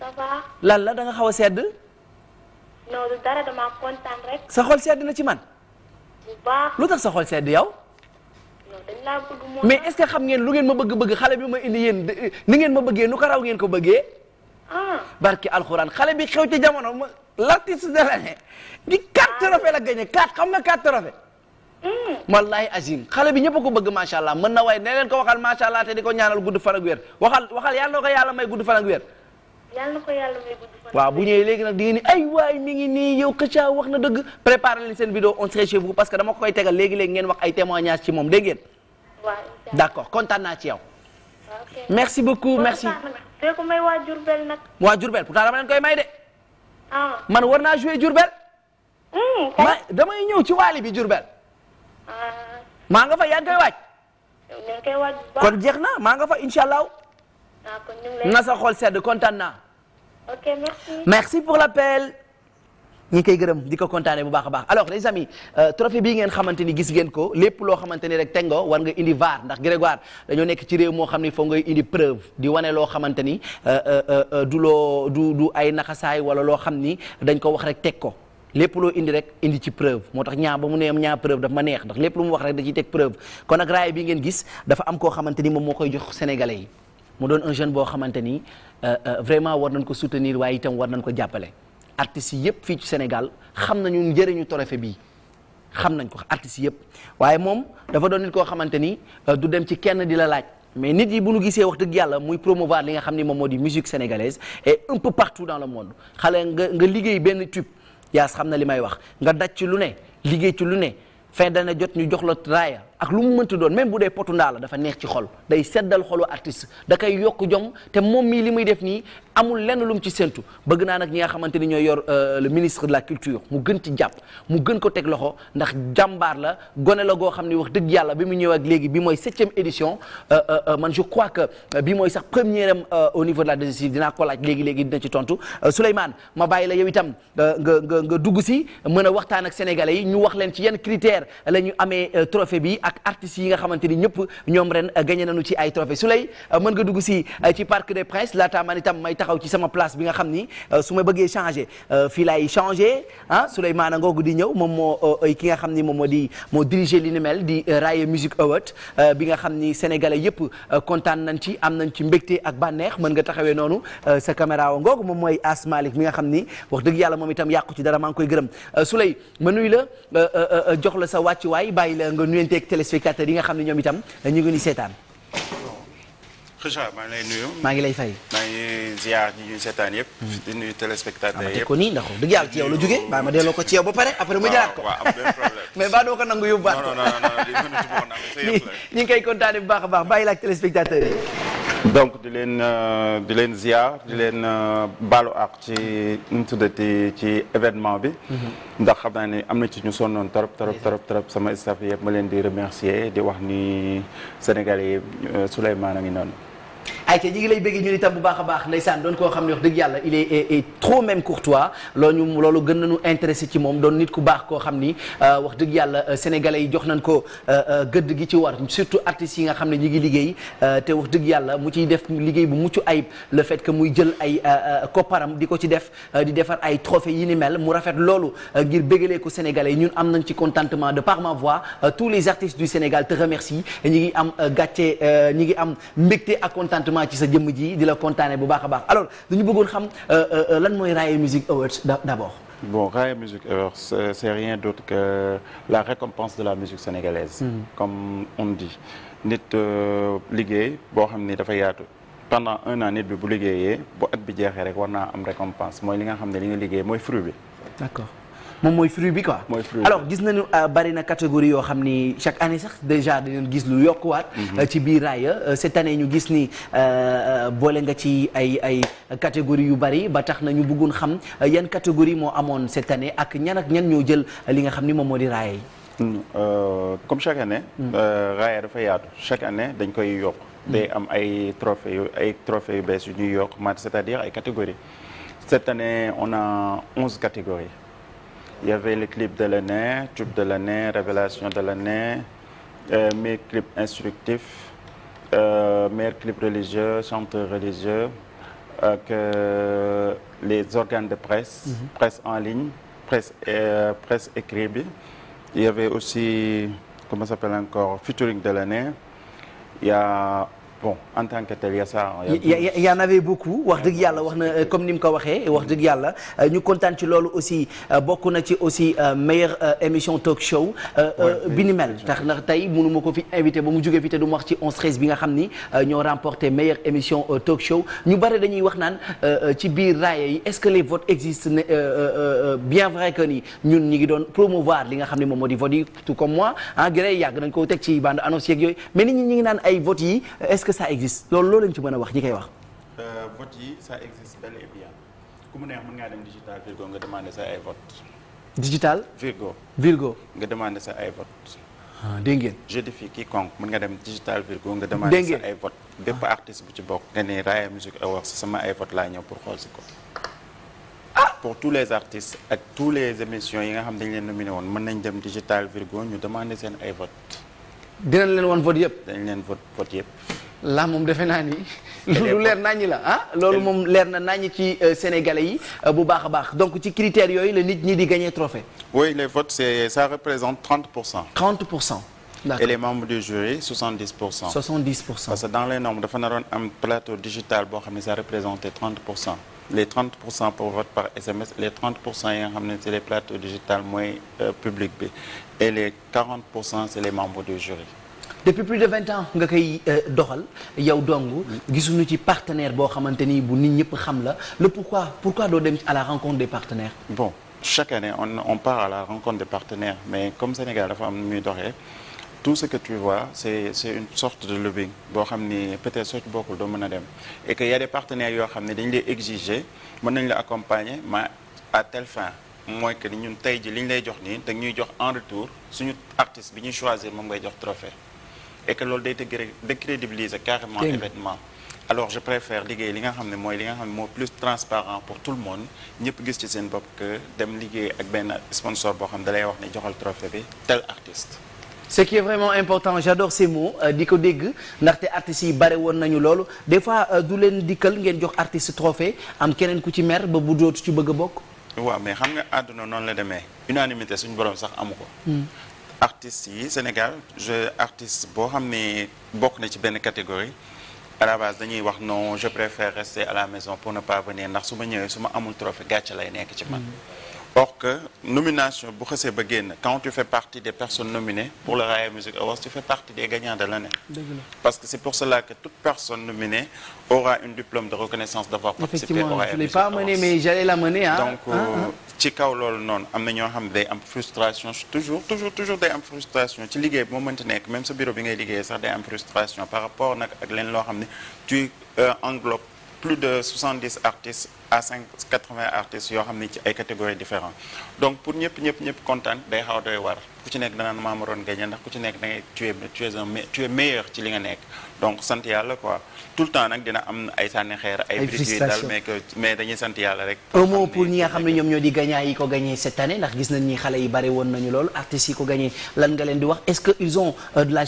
Speaker 2: ça va. lan la da nga xaw a sedd.
Speaker 3: non du dara damaa kontaan rek.
Speaker 2: sa xol sedd na ci man. bu lu tax sa xol sedd yow.
Speaker 3: non dañ laa bëgg moo mais est
Speaker 2: xam ngeen lu ngeen ma bëgg-bëgg xale bi ma indi yéen ni ngeen ma bëggee nu ko raw ngeen ko bëggee. ah barki alxuraan xale bi xew ci jamono ma l'artiste de l'année di quatre ah. trophées la gagné quatre xam nga quatre trophées. Hmm. wallahi azim xale bi ñëpp a ko bëgg macha allah mën na waaye ne ko waxal macha allah te di ko ñaanal gudd fan weer waxal waxal yàlla na ko yàlla may gudd fan ak weer. waaw bu ñëwee léegi nag di ngeen ni ay waay mi ngi nii yow Kheucha wax na dëgg préparé leen seen vidéo on serait chez vous parce que dama ko koy tegal léegi-léegi ngeen wax ay témoignages ci moom dégg ngeen d'accord kontaan naa ci yow merci beaucoup merci fekku may waa Diourbel nag waa Diourbel pourtant dama leen koy may de ah. man war naa jouer Diourbel hmm, ma damay ñëw ci waali bi Diourbel ah. maa nga fa yaa ngi koy waaj kon jeex na maa nga fa incha allah
Speaker 3: Ah, na sa
Speaker 2: xol sedd kontaan na merci. merci pour l'appel. ñi koy gërëm di ko kontaanee bu baax a baax alors les amis euh, trophée bii ngeen xamante ni gis ngeen ko lépp loo xamante ni rek tengo war indi vaar ndax Grégoire dañoo nekk ci réew moo xam ni foog ngay indi preuve di wane loo xamante ni euh, euh, du loo du du ay naxasaay wala loo xam ni dañ ko wax rek teg ko lépp loo indi rek indi ci preuve moo tax ñaa ba mu neem ñaa preuve daf ma neex ndax lépp lu mu wax rek da ci teg preuve kon nag raaya bi ngeen gis dafa am koo xamante ni moom moo koy jox sénégalais yi mu doon un jeune boo xamante ni euh, euh, vraiment war nañ ko soutenir waaye itam war nañ ko jàppale artistes yi yëpp fii ci Sénégal xam nañu njëriñu trophée bii xam nañ ko artistes yëpp waaye moom dafa doon nit koo xamante ni euh, du dem ci kenn di la laaj mais nit yi bu nu gisee wax dëgg yàlla muy promouvoir li nga xam ni moom moo di musique sénégalaise et un peu partout dans le monde xale nga nga liggéey benn tube yaas xam na li may wax nga daj ci lu ne liggéey ci lu ne fin d'année jot ñu jox la raaya ak lu mu mënti doon même bu dee potu ndaa la dafa neex ci xol day seddal xolu artiste da yokk jom te moom mii li muy def nii amul lenn lu mu ci séntu bëgg naa nag ñi nga xamante ni ñooy yor euh, le ministre la culture mu gën ci jàpp mu gën ko teg ndax jàmbaar la gone la goo xam ni wax dëgg yàlla bi mu ñëw léegi bi mooy septième édition euh, euh, man je crois que bi mooy sax première am au niveau de la dinaa ko laaj léegi léegi ci tontu Souleymane ma bàyyi la yow itam nga nga nga dugg si mën a waxtaan ak sénégalais yi ñu wax leen ci yan critères la ñu amee trophée bi ak artistes yi nga xamante ni ñëpp ñoom ren euh, ci ay trophées su lay euh, mën nga dugg si euh, ci Parc des Princes laataa man may taxaw ci sama place bi xam ni su ma bëggee changé fii laay changé ah, di ñëw moom moo ki nga xam ni moom moo di moo dirigé li ni di Raye Music Award bi xam ni sénégalais yëpp kontaan nañ ci am nañ ci mbégte ak bànneex mën nga taxawee noonu sa caméra wa Ngogu moom mooy As Malick mi nga xam ni wax dëgg yàlla moom itam yàqu ci dara maa ngi koy gërëm Souley ma nuyu la téléspectateurs yi nga xam ne ñoom itam ñu ngi ni seetaan.
Speaker 4: Richard maa ngi lay nuyu. maa ngi lay fay. maa ngi ziar ñi ñuy seetaan yëpp. di nuyu téléspectateur yëpp. ah ma teg ko nii
Speaker 2: ndax dëgg yàlla ci yow la jógee. waaw ma delloo ko ci yow ba pare après ma jëlaat ko. waaw am benn problème. <laughs> mais ba doo ko
Speaker 4: nangu yóbbuwaat ko. non non non
Speaker 2: li <laughs> ñu ngi koy kontaane bu baax a baax bàyyi la ak téléspectateur yi.
Speaker 4: donc di leen euh, di leen ziar di leen euh, baalu ak ci nu mu ci événement bi. Mm-hmm. ndax xam naa ne am na ci ñu sonnoon trop trop trop trop sama staff ma leen di remercier di wax ni Sénégalais yi euh, Souleymane a ngi noonu.
Speaker 2: ayca ñi ngi lay bëgg ñun itam bu baax a baax ndeysaan doon koo xam ne wax dëgg yàlla il est trop même courtois loolu gën nañu intéressé ci moom doon nit ku baax koo xam ni euh, wax dëgg yàlla euh, sénégalais yi jox nañ ko euh, gëdd gi ci war surtout artistes yi nga xam ne ñu ngi liggéey te wax dëgg yàlla mu ciy def liggéey bu mucc ayib le fait que muy jël ay kopparam di ko ci def di defar ay trophées yi ni mel mu rafet loolu ngir bëggalee ko sénégalais ñun am nañ ci contentement de par ma voix tous les artistes du Sénégal te remercie ñi ngi am gàcce ñi ngi am vraiment ci sa jëmm ji di la kontaane bu baax a baax alors dañu bëggoon xam euh, euh, euh, lan mooy Raaya Music Awards d'abord.
Speaker 4: bon Raaya Music Awards c'est d'autre que la récompense de la musique sénégalaise. Hmm. comme on dit nit liggéey boo xam ni dafa yaatu. pendant un an nit bi bu liggéeyee bo at bi jeexee rek war naa am récompense mooy li nga xam ne li nga liggéey mooy fruit bi.
Speaker 2: moom mooy fruit bi quoi. mooy fruit gis nañu euh, bari barina catégorie yoo xam ni chaque année sax déjà dinañ gis lu waat mhm. euh, ci biir raaya euh, cette année ñu gis ni boole nga ci ay ay catégorie yu bari ba tax na ñu bëggoon xam yan catégorie moo amoon cette année ak ñan ak ñan ñoo jël li nga xam ni moom moo di raaya yi.
Speaker 4: Hmm, comme chaque année. Hmm. raaya dafa yaatu chaque année dañ koy yokk. Hmm. day am ay trophées yu ay trophées yu bees yu ñuy yokk ma c'est-à-dire ay catégories cette année on a onze catégories. il y avait le clip de l'année tube de l'année révélation de l'année euh, meilleur clip instructif euh, meilleur clip religieux chanteur religieux ak euh, les organes de presse. Mm -hmm. presse en ligne presse euh, presse écrit bi. il y avait aussi comment ça s'appelle encore featuring de l'année il y a bon en tant que tel y' a ça. y'
Speaker 2: en wax dëgg yàlla wax na euh, comme ni mu ko waxee wax dëgg yàlla euh, ñu kontaan ci loolu aussi euh, bokk na ci aussi meilleure émission talk show. bi ni mel tax na tey mënu ma ko fi invité ba mu jugee fi te du mu wax ci 11 13 bi nga xam ni ñoo remporté meilleure émission talk ñu bare dañuy wax naan ci biir raaya yi est ce que les votes existent bien vrai que ni ñun ñu ngi doon promouvoir li nga xam ne moom moo di vote yi tout comme moi ah yàgg nañ ko teg ci bande annonce yooyu mais nit ñi ñu ngi naan ay votes yi que ça existe loolu loolu lañ ci mën a wax ñi koy wax.
Speaker 4: Euh, vote yi sa existe bel et bien ku mu neex mën ngaa dem digital virgo nga demander sa ay vote. digital. virgo virgo. nga demander sa ay vote. ah dégg ngeen. je défie quiconque mën nga dem digital virgo nga demander sa ay vote bépp artiste bu ci bokk nga ne Raaya Musique Awards sama ay vote laa ñëw pour xool si ko. Ah! pour tous les artistes ak tous les émissions yi nga xam dañ leen nominé woon mën nañ dem digital virgo ñu demander seen ay vote dinañ leen woon vote yëpp. dañ leen vote vote yëpp. là
Speaker 2: moom defe naa ni <laughs> lu leer <laughs> naññi la ah loolu moom leer na naññi ci euh, sénégalais yi euh, bu baax a baax donc ci critères yooyu la nit ñi di gagner trophée
Speaker 4: oui les votes c'est ça représente 30 pour cent
Speaker 2: 30 pour cent D'accord. Et
Speaker 4: les membres du jury 70 pour cent. 70 pour cent parce que dans les normes dafa naroon am plateau digital boo xam ne ça représentait pour cent les 30 pour cent pour vote par SMS les 30 pour cent yi nga xam ne c'est les plateaux digital mooy euh, public et les pour cent c'est les membres du jury.
Speaker 2: depuis plus de vingt ans nga koy euh, doxal yow dong gisuñu ci partenaire boo xamante ni bu nit ñëpp xam la le pourquoi pourquoi doo dem à la rencontre des partenaires.
Speaker 4: bon chaque année on on part à la rencontre des partenaires mais comme Sénégal dafa am nu muy doxee tout ce que tu vois c'est c'est une sorte de lobbying boo xam ni peut-être soo ci bokkul doo mën a dem et que y a des yoo xam ne dañu lay exiger mën nañ la accompagner mais à telle fin. mooy que ni ñun tey ji li lay jox nii da ñuy jox en suñu artiste bi ñuy choisir moom ngay jox trophée et que loolu day décrédibiliser carrément événement alors je préfère liggéey li nga xam ne mooy li nga xam ne moo plus transparent pour tout le monde ñëpp gis ci seen bopp que dem liggéey ak benn sponsor boo xam ne dalay wax ne joxal trophée bi tel artiste
Speaker 2: ce qui est vraiment important j'adore ces mots euh, di ko dégg ndaxte artistes yi bare woon nañu loolu des fois euh, du leen dikkal ngeen jox artiste trophée am keneen ku ci mer ba bu dootu ci bëgg a bokk
Speaker 4: w mais xam nga àdduna noonu la demee unanimité suñu borom sax amu ko hmm. artistes yi Sénégal je artiste boo xam ne bokk na ci benn catégorie à la base dañuy wax non je préfère rester à la maison pour ne pas venir ndax su ma ñëwee su ma amul trophée gàcce lay nekk ci man mm-hmm. or que nomination bu xasee ba génn quand tu fais partie des personnes nominées pour le Raaya Music Awards tu fais partie des gagnants de l'année parce que c'est pour cela que toute personne nominée aura un diplôme de reconnaissance d'avoir participé au Raaya Music
Speaker 2: Awards mais j'allais l'amener
Speaker 4: donc ah, euh, ah. ci kaw loolu noonu am na ñoo xam toujours toujours toujours day ci liggéey bi moo même sa bureau bi ngay liggéeyee plus de 70 artistes à 5 80 artistes yoo xam ne ci ay catégories différentes donc pour ñëpp ñëpp ñëpp kontaan day xaw a doy war ku ci nekk danaan maa waroon gagné ndax ku ci nekk da ngay tu ci li nga nekk donc sant yàlla quoi tout temps nag dina am ay sànni xeer ay prix daal mais que sant yàlla rek
Speaker 1: un
Speaker 2: pour ñi nga xam ne ñoom ñoo di gagné yi ko gagné cette année ndax gis nañ xale yi bari woon nañu loolu artistes yi ko euh,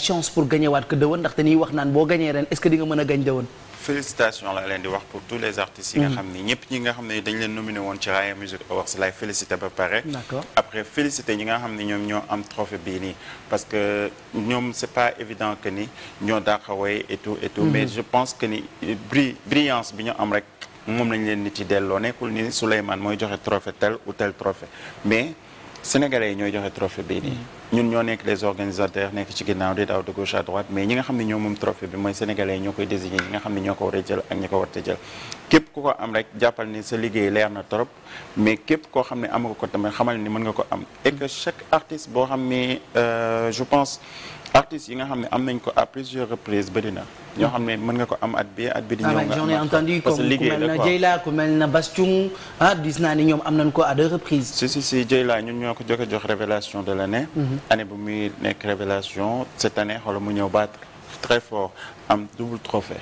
Speaker 2: a gañ
Speaker 4: félicitation laa leen di wax pour tous les artistes yi nga mhm. xam ni ñëpp ñi nga xam ne dañ leen nominé woon ci Raaya Music Awards laay félicité ba pare après félicité ñi nga xam ne ñoom ñoo am trophée bii nii parce que ñoom c'est pas évident que ni ñoo daqaway et tout et tout mhm. mais je pense que ni bri brillance bi ñu am rek moom lañ leen nit yi delloo nekkul ni Souleymane mooy joxe trophée tel ou tel trophée mais sénégal yi ñooy joxe trophée bi ñoo nekk les organisateurs nekk ci ginnaaw di daw de gauche à droite mais ñi nga xam ne ñoo moom trophée bi mooy sénégalais yi ñoo koy désigné ñi a xam ne ñoo ko war a jël ak ko a jël képp ko am jàppal ne sa liggéey leer na trop mais képp koo xam ne amu ko tamit xamal ni mën nga ko am et que chaque artiste boo xam ne euh, je pense artistes yi nga xam ne am nañ ko à plusieurs reprises bëri na. ñoo xam ne mën nga ko am at bi at bi di ñëw ah, nga. j'en ai entendu comme ku mel na Dieyla ah, ku gis naa ni ñoom am nañ ko à deux reprises. si si si Dieyla ñun ñoo ko joxe jox révélation de l'année. Mm-hmm. année bu muy nekk révélation cette année xoolal mu ñëw baa très fort am double trophée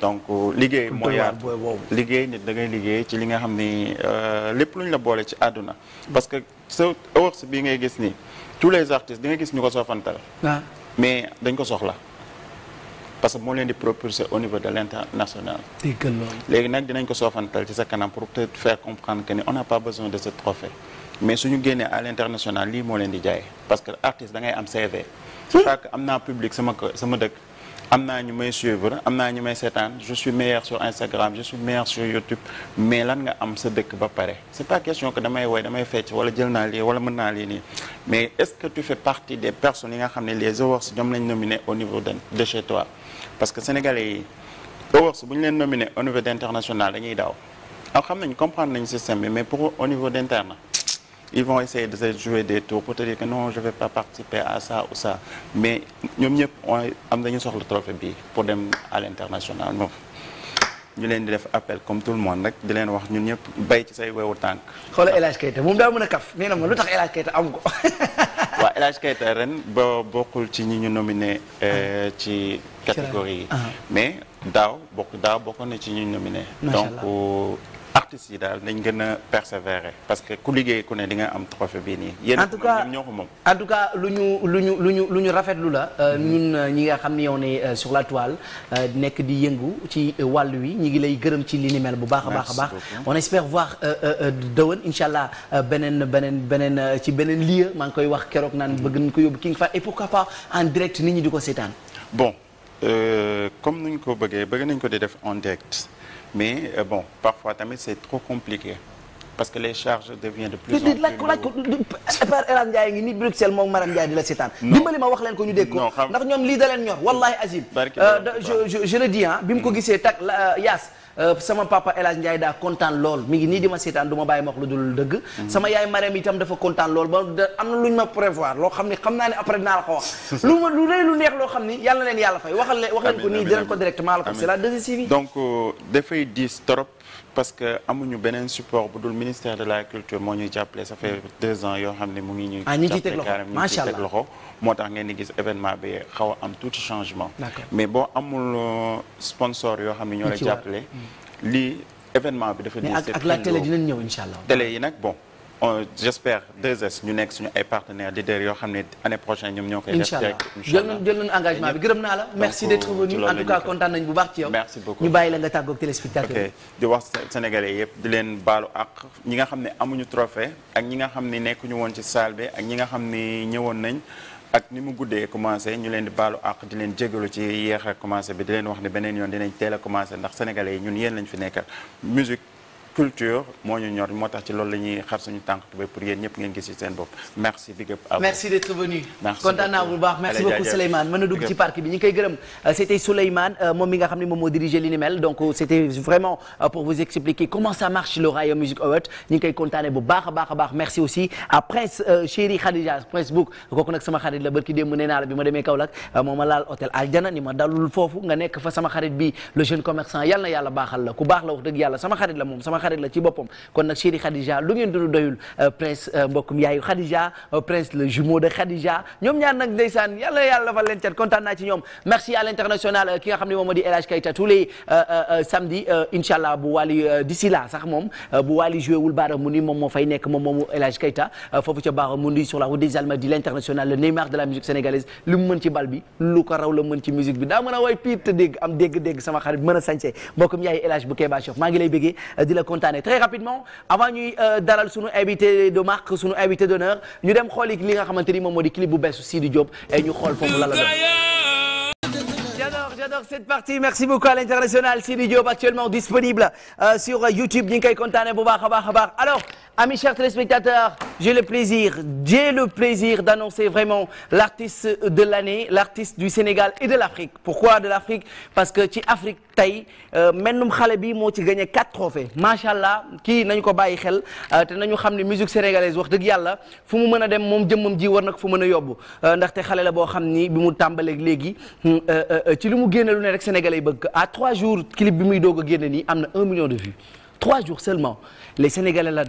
Speaker 4: donc euh, liggéey moo yaatu liggéey nit da ngay liggéey ci li nga xam ni euh, lépp luñ la boole ci àdduna. parce que sa awards bi ngay gis nii. tous les artistes di nga gis ñu ko soofantal ah. mais dañ ko soxla parce que moo leen di propulser au niveau de l'international léegi nag dinañ ko soofantal ci sa kanam pour te faire comprendre que ni on n'a pas besoin de ce trophée mais suñu génnee à l'international lii moo leen di jaay parce que artiste da ngay am CV c'est pas am na publique sama sama dëkk am naa ñu may suivre am naa ñu may seetaan je suis meilleur sur Instagram je suis meilleur sur YouTube mais lan nga am sa dëkk ba pare c'est pas question que damay woy damay fecc wala jël naa lii wala mën naa lii nii mais est-ce que tu fais partie des personnes yi nga xam ne les awards ñoom lañ nominé au niveau de chez toi parce que sénégalais yi awards bu ñu leen nominé au niveau d'international dañuy daaw aw xam nañ comprendre nañ système bi mais pour au niveau d'interne ils vont essayer de se pour te dire que non je vais pas participer à ça ou ça mais ñoom ñëpp on am nañu soxla trophée bi pour dem à l'international moom ñu leen di def appel comme tout le monde rek di leen wax ñu ñëpp bay ci say wewu tànk.
Speaker 2: xoolal El Hadj Keita moom daa mën a kaf nee na ma lu tax El Hadj Keita amu ko. <laughs>
Speaker 4: waaw El Hadj Keita ren ba bokkul ci ñi ñu nominé euh, ah. ci catégorie yi. Ah. mais daaw bokk daaw bokkoon na ci ñu nominé. donc. artistes yi daal nañ gën a persévérer parce que ku liggéey ku ne di nga am trophée bii nii. yéen en tout cas ñoo ko moom. en tout cas lu
Speaker 2: ñu lu ñu lu ñu lu la. Euh, mm-hmm. ñun euh, ñi nga xam ne yow ne euh, sur la toile nekk di yëngu ci wàll wi ñi ngi lay gërëm ci li bu baax a baax a baax. on espère voir dëwën incha allah beneen beneen beneen ci beneen lieu maa ngi koy wax keroog naan bëgg nañ ko yóbbu King Fahd et pourquoi pas en direct nit ñi di ko seetaan.
Speaker 4: bon comme nuñ ko bëggee bëgg nañ ko di def en direct. mais euh, bon parfois tamit c'est trop compliqué parce que les charges deviennent de plus en plus. laaj ko laaj
Speaker 2: ko par El Hadj Ndiaye ngi nii Bruxelles moom Maram Ndiaye di la seetaan. dimbali ma wax leen ko ñu dégg ko. ndax ñoom lii da leen ñor wallahi azim. Euh, je je je le dis ah. bi mu ko gisee tak euh, Yaas. Euh, sama papa El Hadj Ndiaye daa kontaan lool mu ngi nii di ma seetaan du ma bàyyi ma wax lu dul dëgg hmm. sama yaay Mariam itam dafa kontaan lool ba am na lu ñu ma prévoir loo xam ne xam naa ne après naa la ko <laughs> lu ma lu neex loo xam ni yàlla na leen yàlla fay waxal leen wax leen ko nii dinañ ko directement la ko c'est la 2STV donc
Speaker 4: euh, dafay diis trop parce que amuñu beneen support bu dul ministère de la culture moo ñuy jàppale ça fait mm. ans yoo xam ne mu ngi ñuy. ah ñi ciy teg loxo moo tax ngeen di gis événement bi xaw a am tout changement. mais boo amul euh, sponsor yoo xam ne ñoo la jàppale. Mm. lii événement bi dafa. diis ak ak la ñëw incha allah. télé yi nag bon. Euh, j'espère 2S ñu nekk suñu ay partenaires leaders yoo xam ne année prochaine ñoom ñoo koy. incha allah jël nañu jël nañu engagement bi gërëm naa la. merci d'être euh, venu en tout cas kontaan nañu bu baax ci yow. merci beaucoup ñu bàyyi la nga tàggoog téléspectateur di wax yëpp di leen baalu ak ñi nga xam ne amuñu trophée ak ñi nga xam ne nekkuñu woon ci saal bi ak ñi nga xam ni ñëwoon nañ. ak ni mu guddee commencé ñu leen di baalu àq di leen jégalu ci yéex a commencé bi di leen wax ne beneen yoon dinañ teel commencé ndax sénégalais yi ñun yéen lañ fi nekkal musique culture moo ñu ñor moo tax ci loolu la xar suñu tànk tubéy pour yéen ñëpp ngeen gis ci seen bopp merci big up à vous. merci merci kontaan naa mën na dugg ci parc
Speaker 2: bi ñu ngi koy gërëm. Euh, c'était Souleymane euh, moom mi nga xam ne moom moo dirigé li donc euh, c'était vraiment pour vous expliquer comment ça marche le Raaya Music Award ñu ngi koy bu baax a baax a baax merci aussi à Prince Chéri Khadija Prince Book kooku nekk sama xarit bi le jeune xarit la ci boppam kon nag chérie Khadija lu ngeen dunu doyul euh, prince euh, mbokkum yaayu Khadija euh, prince le jumeau de Khadija ñoom ñaar nag ndeysaan yàlla yàlla fa leen cat kontaan naa ci merci à l'international ki nga xam di El Hadj Keita tous les bu wali d'ici là sax bu wali joué wul baara mu ni fay nekk moom moomu El Hadj Keita foofu ca baara sur la route des Almadies l'international le Neymar de la musique sénégalaise lu mu mën ci bal bi lu a a kontaanee très rapidement avant ñuy euh, dalal sunu invité de marque sunu invité d'honneur ñu dem xooli li nga xamante ni moom moo di clip bu bees Sidi Diop et ñu xool foofu la la doon j'adore cette partie merci beaucoup à l'international Sidi Diop actuellement disponible euh, sur YouTube ñu ngi koy kontaane bu baax a baax a j'ai le plaisir d'annoncer vraiment l'artiste de l'année l'artiste du Sénégal et de l'Afrique pourquoi de l'Afrique parce que ci Afrique tey euh, mennum xale bi moo ci gagné quatre trophées macha allah kii nañu ko bàyyi xel euh, te nañu xam ne musique sénégalaise wax dëgg yàlla fu mu mën a dem moom jëmmam ji war na ko fu mën a yóbbu euh, ndaxte xale la boo xam ni bi mu tàmbaleeg léegi hmm, génne lu ne rek sénégalais yi bëgg à trois jours clip bi muy doog a génne nii am na un million de vues trois jours seulement les sénégalais le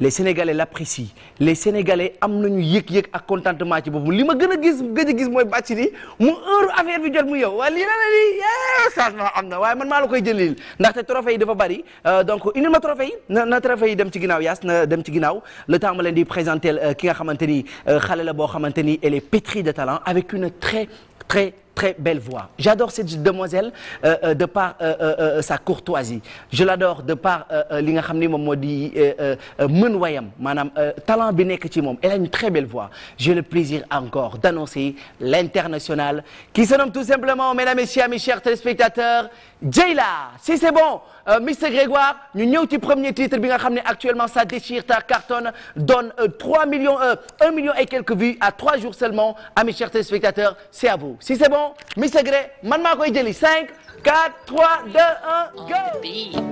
Speaker 2: les sénégalais l'apprécient les sénégalais am nañu yëg-yëg ak contentement ci boppam li ma gën a gis gëj a gis mooy bàcc ni mu heure affaire bi jot mu yow waaye lii la la nii eh, changement am na waaye man maa la koy jëlil ndaxte trophée yi dafa bari euh, donc indil ma trophée na trophée yi dem ci ginnaaw yaas na dem ci ginnaaw le temps ma leen di euh, ki nga xamante ni euh, xale la boo xamante ni elle est pétrie de talent très très belle voix j'adore cette demoiselle euh, euh, de par euh, euh, sa courtoisie je l'adore de par li nga xam ni moom moo di mën wayam maanaam talent bi nekk ci moom elle a une très belle voix j'ai le plaisir encore d'annoncer l'international qui se nomme tout simplement mesdames et messieurs chers téléspectateurs Jayla si c'est bon euh, Mister Grégoire ñu ñëw ci premier titre bi nga xam ne actuellement sa déchire ça cartonne donne euh, 3 millions euh, 1 et quelques vues à 3 jours seulement amis chers téléspectateurs c'est à vous si c'est bon Mister Gré man maa koy jëli 5 4 3 2 1 go.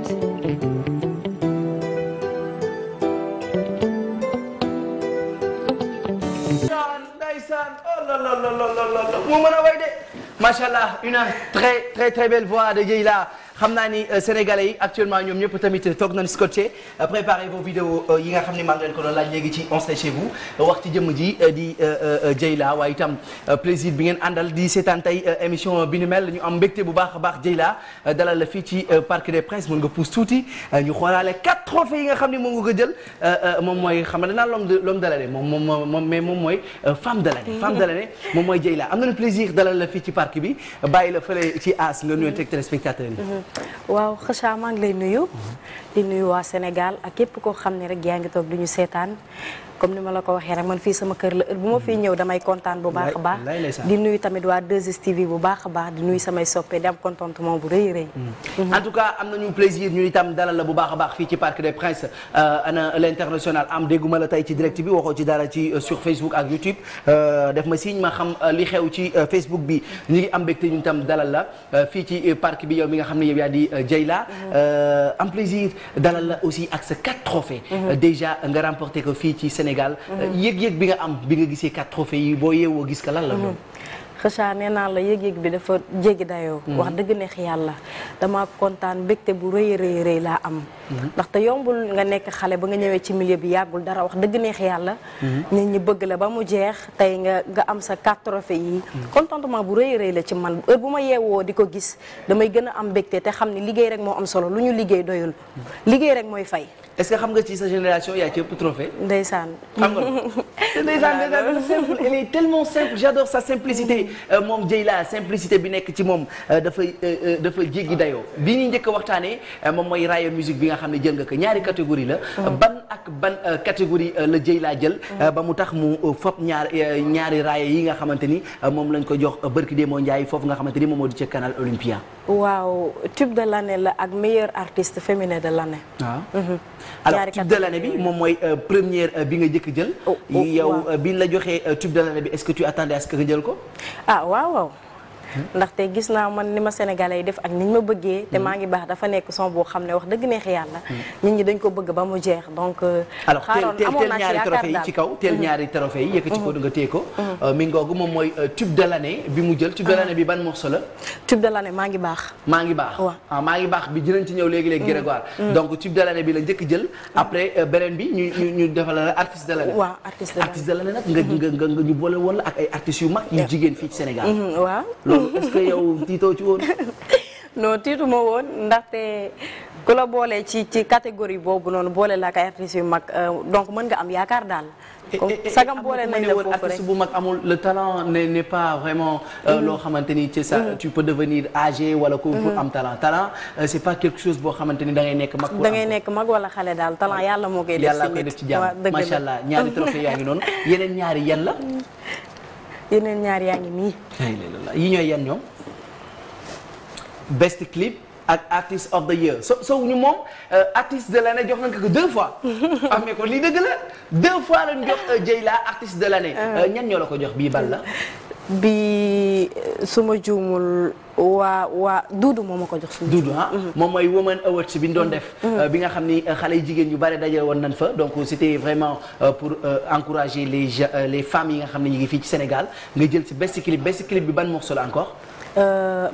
Speaker 2: Ndeysaan
Speaker 1: oh la la la la la
Speaker 2: mu mën a way de. Machallah, une très très très belle voix de Guéila. xam naa ni euh, sénégalais yi actuellement ñoom ñëpp tamit toog nañu scotché euh, préparez vos vidéos euh, yi nga xam ne maa ngi la ko doon laaj léegi ci on sait chez vous wax ci jëmm ji di Dieyla waaye itam plaisir bi ngeen àndal di seetaan tey émission bi ni mel ñu am mbégte bu baax a baax Dieyla dalal la fii ci Parc des Princes mën nga pousse tuuti ñu xoolaale quatre trophées yi nga xam ne moom nga ko jël moom mooy xam nga danaa l'homme de l'homme de l'année moom moom mais moom mooy femme de l'année femme de l'année am nañu plaisir dalal la fii ci parc bi bàyyi la fële ci as nga nuyonteeg téléspectateurs
Speaker 1: yi mm-hmm.
Speaker 5: waaw xëcca maa ngi lay nuyu. di nuyu waa Sénégal ak képp koo xam ne rek yaa ngi toog du ñu seetaan. comme ni ma la ko waxee rek man fii sama kër la heure bu ma fiy hmm. ñëw damay kontaan bu baax a baax di nuyu a baax di nuyu samay soppee di am contentement bu
Speaker 2: rëy rëy hmm. mhm. en tout cas am nañu ñu itam a euh, tey ci direct bi euh, euh, ma signe ma xam li xew ci Facebook bi ñu ngi am mbégte ñu itam dalal la fii ci parc bi yow bi nga xam ne yow yaa di Dieyla mhm. am plaisir dalal la aussi ak sa quatre trophées mhm. déjà nga remporté ko fii ci Sénégal. Mhm. Euh, yëg-yëg bi nga am bi nga gisee quatre trophées yi boo yeewoo gis ka lan la doon. Mhm.
Speaker 5: xëcca nee naa la yëg-yëg bi dafa jéggi dayoo. Mhm. wax dëgg neex yàlla dama kontaan mbégte bu rëy rëy rëy laa am. ndaxte yombul nga nekk xale ba nga ñëwee ci milieu bi yàggul dara wax dëgg neex yàlla. nit ñi bëgg la ba mu jeex tey nga nga am sa quatre trophées yi. contentement bu rëy rëy la ci man heure bu ma yeewoo di ko gis damay gën a am mbégte te xam ni liggéey rek moo am solo lu ñu liggéey doyul. liggéey rek mooy fay.
Speaker 2: est-ce que xam nga ci sa génération yaa ci ëpp trophée. ndeysaan xam nga <laughs> ndeysaan ndeysaan simple elle est tellement simple j'adore sa simplicité mm-hmm. euh, moom Dieyla simplicité bi nekk ci moom euh, dafa euh, dafa jéggi dayoo bi ñuy njëkk waxtaanee moom mooy raaya musique bi nga xam ne jël nga ko ñaari catégorie la. Mm-hmm. ban ak ban catégorie la Dieyla jël. Mm-hmm. ba mu tax mu fop ñaar ñaari raaya yi nga xamante ni moom lañ ko jox barki moo Ndiaye foofu nga xamante ni moom moo di ca canal Olympia.
Speaker 5: waaw tube la ak meilleur artiste féminin de l'année.
Speaker 2: Ah. alors tube de l'année bi moom mooy euh, première euh, bi nga njëkk jël. Oh, oh, yow euh, bi la joxee tube de l'année bi est-ce que tu attendais à nga jël ko.
Speaker 5: ah waaw waaw. ndaxte gis naa man ni ma sénégalais yi def ak ni ñu ma bëggee te maa ngi baax dafa nekk son boo xam ne wax dëgg neex yàlla nit ñi dañ ko bëgg ba mu jeex donc
Speaker 2: euh, alors teel ñaari trophée kaw teel mhm. ñaari trophée yi yëkkati ko mhm. nga téye ko mhm. euh, mi moom mooy euh, tube de l'année bi mu jël tube de ah. l'année bi ban morceau la tube de l'année maa ngi baax maa ngi baax waaw ah, maa ngi baax bi dinañ ci ñëw léegi-léegi Grégoire donc tube de l'année bi la njëkk jël après beneen bi ñu ñu ñu defal la artiste de l'année waaw artiste de l'année nag nga nga nga ñu boole woon la ak ay artistes yu mag yu jigéen fii ci Sénégal waaw est que yow tiitoo ci woon. <laughs> noo
Speaker 5: tiitu ma woon ndaxte ku la boole ci ci catégorie boobu noonu boole la ak artistes yu mag euh, donc mën nga am yaakaar daal. Eh, comme eh, eh, sagam boole nañ la foofu rek artiste bu
Speaker 2: mag amul le talent n'est pas euh, mm-hmm. loo xamante ni ci sa mm-hmm. tu peux devenir âgé wala ko mm-hmm. am talent talent euh, c'est pas quelque chose boo xamante ni da ngay nekk mag. da ngay
Speaker 5: nekk mag wala xale daal talent yàlla moo koy.
Speaker 2: def ci nit yàlla koy def ci jàmm macha allah ñaari trophée yaa ngi noonu <laughs> yeneen ñaari yan la. Mm. yeneen ñaar yaa ngi nii. yi ñooy yan ñoom. best clip ak artist of the year so so ñu moom euh, artiste de l'année jox nañ ko deux fois. <laughs> ah mais kon lii dëgg la deux fois jox Dieyla euh, artiste de l'année. Euh. ñan ñoo la ko jox bii bal la. <laughs> bi suma juumul waa waa Duudu moo ma ko jox suñu. dudu ah mhm. moom mooy Women Awards bi ñu doon mhm. def. Mhm. Euh, bi nga xam ni euh, xale yi jigéen yu bare dajale woon nañ fa donc c'était vraiment euh, pour encourager les les femmes yi nga xam ne ñu ngi fii ci Sénégal nga jël ci best clip best clip bi ban morceau la encore.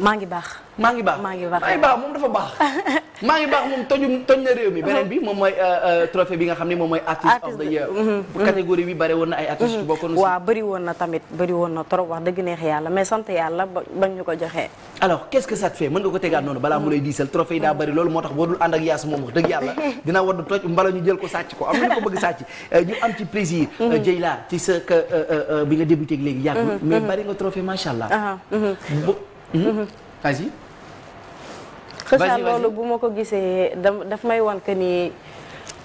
Speaker 2: maa ngi baax. maa ngi baax maa ngi baax moom dafa baax <laughs> maa ngi baax moom toju toj na réew mi uh-huh. beneen bi moom mooy euh, euh, trophée bi nga xam ne moom mooy artiste of the year mm-hmm. Mm-hmm. catégorie bi bare woon na ay artiste ci mm-hmm. bokkoon waaw bëri woon na tamit bëri
Speaker 5: woon na trop wax dëgg neex yàlla mais sant yàlla ba ñu ko joxee
Speaker 2: alors qu'est-ce que ça te fait mën nga ko tegaat noonu balaa mu lay diisal trophée yi daa bëri loolu moo tax boo dul ànd ak yaas moom dëgg yàlla <laughs> dina war du toj mbala ñu jël ko sàcc ko am na ñu ko bëgg sàcc euh, ñu am ci plaisir Dieyla sa bi nga débuté léegi yàgg mais bëri nga trophée macha allah uh-huh. hmm? vas-y
Speaker 5: xësa loolu bu ma ko gisee daf may wan que ni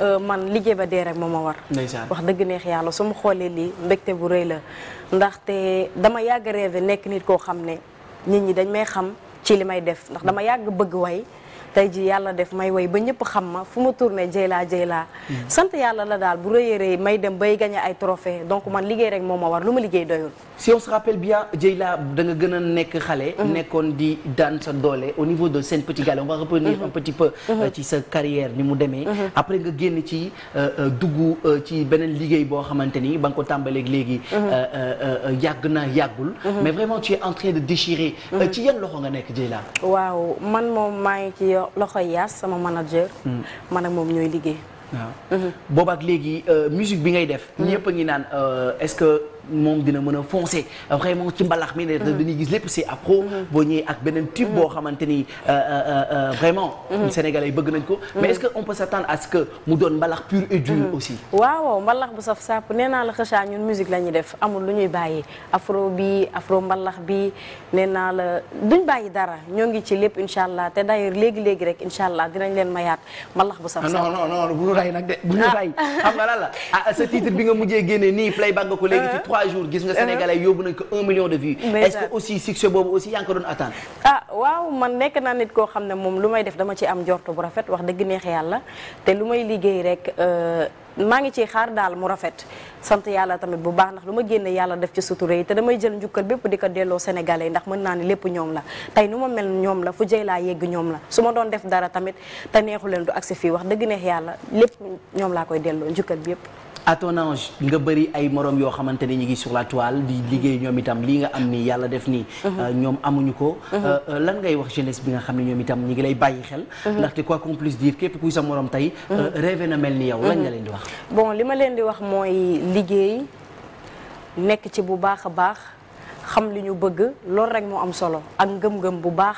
Speaker 5: euh, man liggéey ba dee rek moo ma war wax dëgg neex yàlla su ma xoolee lii mbégte bu rëy la ndaxte dama yàgg rêvé nekk nit koo xam ne nit ñi dañ may xam ci li may def ndax dama yàgg bëgg way tey ji yàlla def may woy ba ñëpp xam ma fu ma tourné Dieyla Dieyla mm-hmm. sant yàlla la daal bu rëyee rëy may dem bay gagné ay trophée donc man liggéey rek moo ma war lu ma liggéey doyul
Speaker 2: si on da nga gën a nekk xale mm-hmm. nekkoon di daan sa doole au niveau de Sen Petit Gallé on va revenir mm-hmm. un petit peu euh, ci sa carrière ni mu demee après nga génn ci euh, euh, dugg ci beneen liggéey boo xamante ni ba nga ko tàmbaleeg léegi yàgg naa yàggul mais vraiment tu en train de déchirer ci yan loxo nga nekk Dieyla
Speaker 5: waaw man moom maa ngi ci yor loxoy yaas sama manager. Hmm. man ak moom ñooy liggéey. waaw hmm.
Speaker 2: boobaak léegi euh, musique bi ngay def. Hmm. ñëpp a ngi naan euh, est-ce que. moom dina mën a foncer vraiment ci mbalax mi. Mm-hmm. dañuy gis lépp c'est afro. Mm-hmm. boo ñëwee ak beneen tube boo mm-hmm. xamante ni euh, euh, euh, vraiment. Sénégalais yi bëgg nañ ko. mais est-ce que on peut s'attendre à que mu doon mbalax pur et dur aussi.
Speaker 5: waaw waaw bu saf sàpp nee naa la xëcaa ñun musique la ñuy def amul lu ñuy bàyyi afro bi afro mbalax bi nee naa la duñ bàyyi dara ñoo ngi ci lépp incha te day léegi léegi rek incha allah dinañ leen mayaat mbalax bu saf ah, sàpp.
Speaker 2: non bu ñu ray nag de bu ñu ah. ah, sa titre bi nga mujjee génne nii playback trois jour gis nga uh-huh. sénégalais yóbbu nañ ko un million de vues est-ce que aussi succès boobu aussi yaa ko doon attendre
Speaker 5: ah waaw man nekk naa nit koo xam ne moom lu may def dama ci am njortu bu rafet wax dëgg neex yàlla te lu may liggéey rek euh, maa ngi ciy xaar daal mu rafet sant yàlla tamit bu baax ndax lu ma génn yàlla def ci sutura yi te damay jël njukkal bépp di ko delloo sénégalais yi ndax mën naa ni lépp ñoom la tey nu ma mel ñoom la fu jëy laa yegg ñoom la su ma doon def dara tamit te neexu leen du fii wax dëgg neex yàlla lépp ñoom laa koy delloo njukkal bi
Speaker 2: à nga bëri ay morom yoo xamante ne ñu ngi sur la toile di liggéey ñoom itam lii nga am ni yàlla def ni mhm. ñoom amuñu ko. Mhm. Euh, euh, lan ngay wax jeunesse bi nga xam ne ñoom itam ñu ngi lay bàyyi xel. Mhm. ndaxte quoi qu'on puisse dire képp kuy sa morom tey. Euh, rêvé na mel ni yow lañ nga leen di wax.
Speaker 5: bon li ma leen di wax mooy liggéey nekk ci bu baax a baax xam li ñu bëgg loolu rek moo am solo ak ngëm-ngëm bu baax.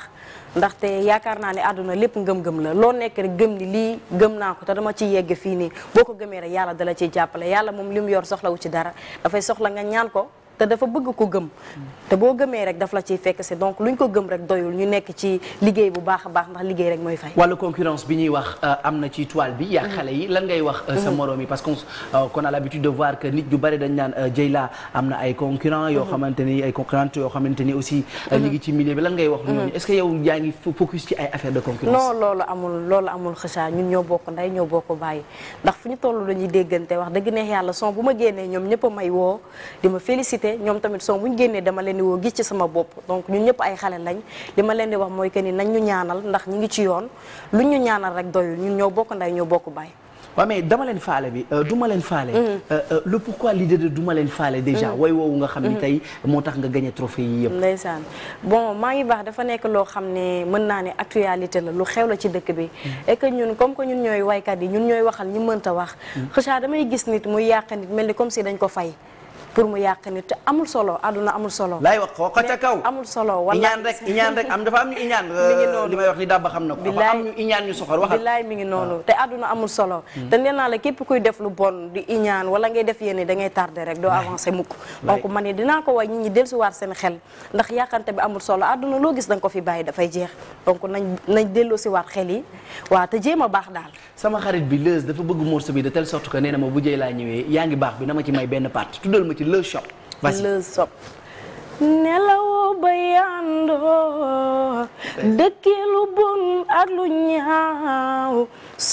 Speaker 5: ndaxte yaakaar naa ne àdduna lépp ngëm-ngëm la loo nekk rek gëm ni lii gëm naa ko te dama ci yegg fii nii boo ko gëmee rek yàlla dala ciy jàppale yàlla moom li mu yor soxlawu ci dara dafay soxla nga ñaan ko te dafa bëgg ko gëm te boo gëmee rek daf la ciy fekk si donc luñ ko gëm rek doyul ñu nekk ci liggéey bu baax a baax ndax liggéey rek mooy fay
Speaker 2: wàllu concurrence bi ñuy wax euh, am na ci toile bi yaa mm-hmm. xale yi lan ngay wax euh, sa mm-hmm. moroom yi parce que euh, qu'on a l'habitude de voir que nit ñu bari dañ naan Dieyla am na ay concurrent yoo mm-hmm. xamante ni ay concurrente yoo xamante ni aussi ñi ci milieu bi lan ngay wax ñooñu est-ce que yow yaa ngi focus ci ay affaire de concurrence non
Speaker 5: loolu amul loolu amul xëcca ñun ñoo bokk nday ñoo bokk bàyyi ndax fu ñu toll dañuy déggante wax dëgg neex yàlla son bu ma génnee ñoom ñëpp ma félicité gisee ñoom tamit son bu ñu génnee dama leen di woo gis ci sama bopp donc ñëpp ay xale lañ li ma leen di wax mooy que ni nañ ñu ñaanal ndax ñu ngi ci yoon lu ñu ñaanal rek doyul ñu ñoo bokk nday ñoo bokk baay
Speaker 2: waaw mais dama leen faale bi euh, du leen faale mm. euh, euh, le pourquoi l'idée du ma leen faale déjà mm. way woowu nga xam ni mm-hmm. tey moo tax nga gagné trophée yi yëpp
Speaker 5: ndeysaan bon maa ngi baax dafa nekk loo xam ne mën naa ne actualité la lu xew la ci dëkk bi mm. et ñun comme que ñun ñooy waykat yi ñun ñooy waxal ñi mënta wax xëcaa damay gis nit muy yàq nit mel ni comme si dañ ko fay pour mu yàq nit amul solo àdduna amul solo. laay wax ko ca kaw amul solo. wala iñaan rek iñaan rek am
Speaker 2: dafa am ñu iñaan. <laughs> mi ngi euh, noonu li may
Speaker 5: xam na ko. dafa am ñu iñaan mi ngi noonu ah. te àdduna amul solo. Hmm. te nee naa la képp kuy def lu bon di iñaan wala ngay def yéene da ngay tardé rek doo hmm. avancé mukk. donc man ne dinaa ko way nit ñi dellusiwaat seen xel ndax yàqante bi amul solo àdduna loo gis da nga ko fi bàyyi dafay jeex donc nañ nañ
Speaker 2: delloosiwaat xel yi waaw te jéem a baax daal. sama xarit bi Leuz dafa bëgg na ma bu jëy laa ñëwee yaa ngi baax bi na ma ci ci le shop. vas-y le shop.
Speaker 5: nelaw ba yàndoo dëkkee lu bon ak lu ñaaw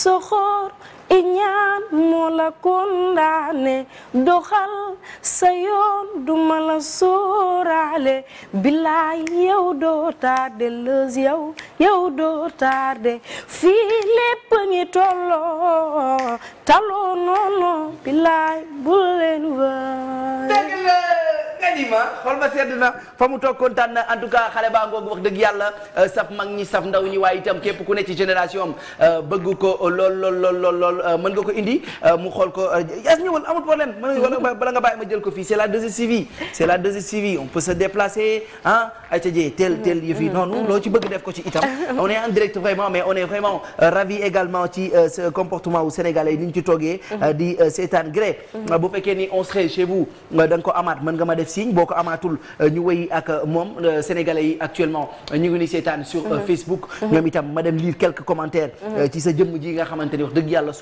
Speaker 5: soxor. iñaan moo la kondaane doxal sa yoon du la sóoraale bilaay yow doo tarde lës yow yow doo tarde fii lépp ngi tolloo taloo noono
Speaker 2: bilaay
Speaker 3: bu leen wër dégg la
Speaker 2: ganima xool ba sedd fa mu toog kontaan na en tout cas xale baa ngoog wax dëgg yàlla euh, saf mag ñi saf ndaw ñi waaye itam képp ku ne ci génération am euh, bëgg ko lool loolu euh, mën nga ko indi euh, mu xool ko euh, yaas ñëwal problème bala nga bàyyi ma jël ko fii c'est la 2STV c'est la 2STV on peut se déplacer ah ayca jee tel tel yëf yi noonu loo ci bëgg def ko ci itam <laughs> on est en direct vraiment mais on est vraiment ravi également ci comportement wu sénégalais yi ni ñu ci toogee mm-hmm. di seetaan gré mm-hmm. bu fekkee ni on serait chez vous da ko amaat mën nga ma def signe boo ko amaatul ñu wéy ak moom sénégalais yi actuellement ñu ngi ni seetaan mm-hmm.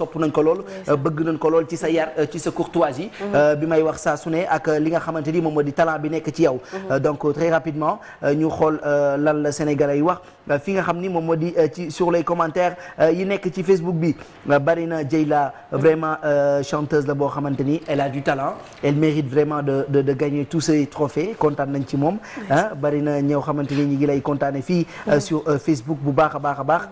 Speaker 2: sopp nañ ko lool euh, bëgg nañ ko lool ci sa yar euh, ci sa courtoisie mhm. euh, bi may wax saa su ak li nga xamante ni moom moo di talent bi nekk ci yow mhm. donc très rapidement ñu xool lan la sénégalais yi wax fi nga xam ni moom moo di ci sur les commentaires yi nekk ci Facebook bi bari na Dieyla mhm. vraiment chanteuse la boo xamante ni elle a du talent elle mérite vraiment de de de gagner tous ces trophées kontaan nañ ci moom ah bari na ñoo xamante ni ñu ngi lay fii sur Facebook bu baax a baax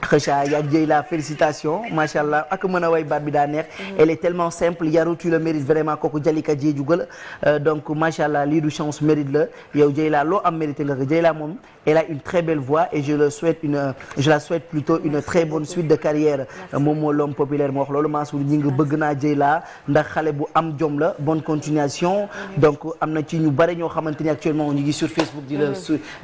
Speaker 2: Kheucha jëy la félicitation macha allah ak mën a way baat bi daa neex. Mhm. elle est tellement simple yaru tu le mérite vraiment kooku Jalika Diedhiou la euh, donc macha allah lii du chance mérite la yow jëy la loo am mérité nga ko jëy la moom elle a une très belle voix et je le souhaite une la souhaite plutôt une très bonne suite de carrière moom moo l'homme populaire moo wax loolu Mansour ñi ngi bëgg naa jëy la ndax xale bu am jom la bonne continuation. donc am na ci ñu bare ñoo xamante ni actuellement ñu ngi sur Facebook di la mhm.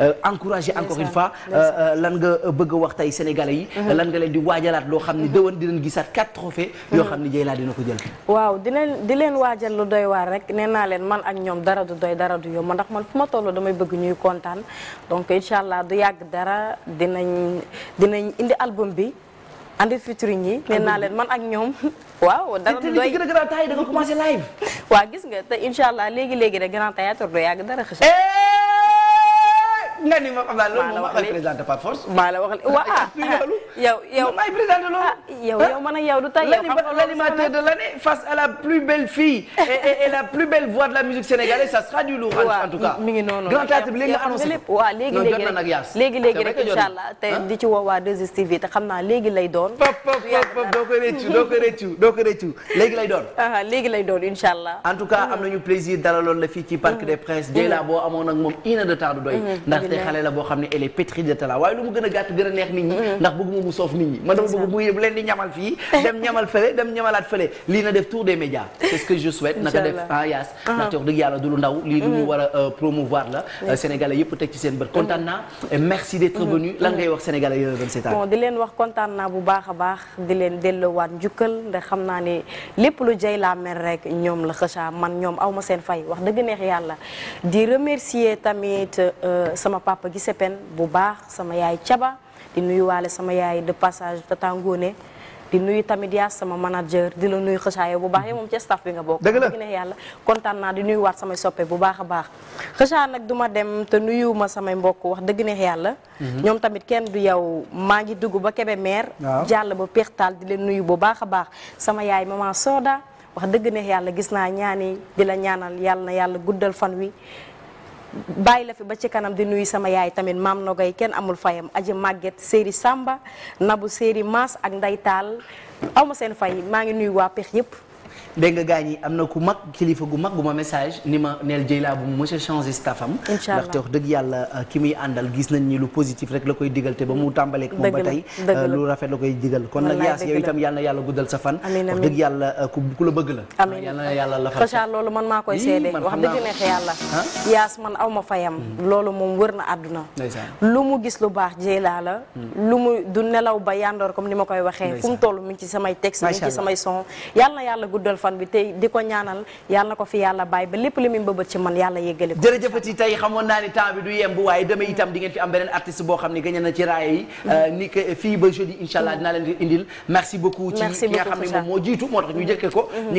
Speaker 2: euh, encourager encore une fois euh, lan nga bëgg wax tey sénégalais yi. tey uh-huh. lan nga leen di waajalaat loo xam ne uh-huh. déwén dinañ gisaat quatre trophées uh-huh. yoo xam ne Dieyla dina ko jël
Speaker 5: waaw di leen di waajal lu doy waar rek nee naa leen man ak ñoom dara du doy dara du yomb ndax man fu ma toll damay bëgg ñuy kontaan donc incha allah du yàgg dara dinañ dinañ indi album bi andi featuring yi nee naa leen man ak ñoom <laughs> waaw dara du doy gën a grand théâtre da nga commencé gis nga te incha allah léegi léegi rek grand théâtre du yàgg dara xëy
Speaker 2: nga ni ma xam daal loolu moom ma koy présenté par force. maa la wax waaw <laughs> ah yow yow maay présenté loolu. Ah, yow yow man ak yow du tey l'animateur de l'année face à la plus belle fille et la plus belle voix de la musique sénégalaise ça sera du lourd en tout cas. mi ngi noonu grand théâtre bi léegi nga annoncé ko. waaw léegi léegi rek léegi léegi rek incha allah te
Speaker 5: di ci woo waa 2STV te xam naa léegi lay doon.
Speaker 2: pop pop pop doo ko réccu doo ko réccu doo ko réccu léegi lay doon.
Speaker 5: <laughs> léegi lay doon incha allah.
Speaker 2: en tout cas am nañu plaisir dalaloon la fii ci Parc des Princes. Dieyla mm-hmm. boo amoon ak moom une heure de temps du doy. Mm-hmm. ndaxte xale la boo xam ne elle est pétrie de talent waaye lu mu gën a gàtt gën a neex nit ñi mm-hmm. ndax bëgguma mu soof nit ñi man dama bëgg mu yëpp leen di ñamal fii dem ñamal fële dem ñamalaat fële lii na def tour des médias c'est ce que je souhaite naka def en yaas uh-huh. ndaxte wax dëgg yàlla du lu ndaw lii lu ñu mm-hmm. war a euh, promouvoir la euh, sénégalais yëpp teg ci seen bët kontaan naa mm-hmm. merci d'être venu lan ngay wax sénégalais yooyu 27 ans bon di
Speaker 5: leen wax kontaan naa bu baax a baax di leen delloowaat njukkal ndax xam naa ne lépp lu jay la mer rek ñoom la xëcaa man ñoom aw ma seen fay wax dëgg neex yàlla di remercier tamit euh, sama sama papa gise bu baax sama yaay caba di nuyu waale sama yaay de passage tata Ngone di nuyu tamit yaa sama manager di la nuyu xëcaa bu baax yow moom ci staff bi nga bokk kontaan naa di nuyu waat samay soppe bu baax a baax xëcaa nag du ma dem te nuyu ma samay mbokk wax dëgg neex yàlla mhm. ñoom tamit kenn du yow maa ngi dugg ba kebe meer jàll ba péextaal di leen nuyu bu baax a baax sama yaay maman Soda wax dëgg neex yàlla gis naa ñaani di la ñaanal yàlla na guddal fan bàyyi la fi ba ci kanam di nuyu sama yaay tamit maam nogay kenn amul fayam aji màgget séeri sàmba na bu séeri maas ak ndeytaal awma seen fay maa ngi nuyu waa pex yëpp
Speaker 2: dégg nga gaañ yi am na ku mag kilifa gu mag gu ma message ni ma neel jëy bu mu monsieur changer staffam ndaxte wax dëgg yàlla euh, ki muy àndal gis nañ lu positif rek la koy digal te ba mu tàmbaleek moom ba tey euh, lu rafet la koy digal kon nag yaas na yàlla guddal sa fan wax dëgg yàlla euh, ku la la amiin yàlla na yàlla la xasaar
Speaker 5: loolu man yaas man aw fayam hmm. loolu moom wër na àdduna lu mu gis lu baax jëy laa la hmm. lu mu du nelaw ba yandoor comme ni ma koy waxee fu mu mi ci samay texte mi ngi ci samay son yàlla yàlla guddal fan bi tey di ko ñaanal yàlla ko fi yàlla bàyyi ba lépp li muy mbëbët ci man yàlla yéggale
Speaker 2: ko jërëjëfati tey itam di ngeen fi am beneen artiste boo xam ne gañe ci raaya yi mm-hmm. euh, ni ba jeudi incha allah dinaa leen di indil merci beaucoup ci ki nga xam ne moom moo jiitu moo tax ñu jëkke ko ñu mm-hmm.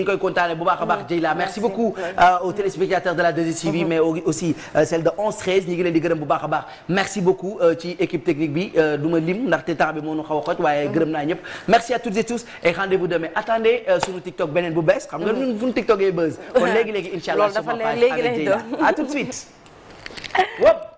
Speaker 2: ngi di gërëm bu baax a baax merci beaucoup euh, ci équipe technique bi euh, du ma lim ndaxte temps bi moo nu xaw a waaye mm-hmm. gërëm naa ñëpp merci à toutes et tous et rendez-vous demain attendez sunu bees xam nga mm-hmm. ñun buñ tiktokee buzz kon <laughs> léegi léegi incha allah. loolu dafa léegi lay doon à tout de suite. wop.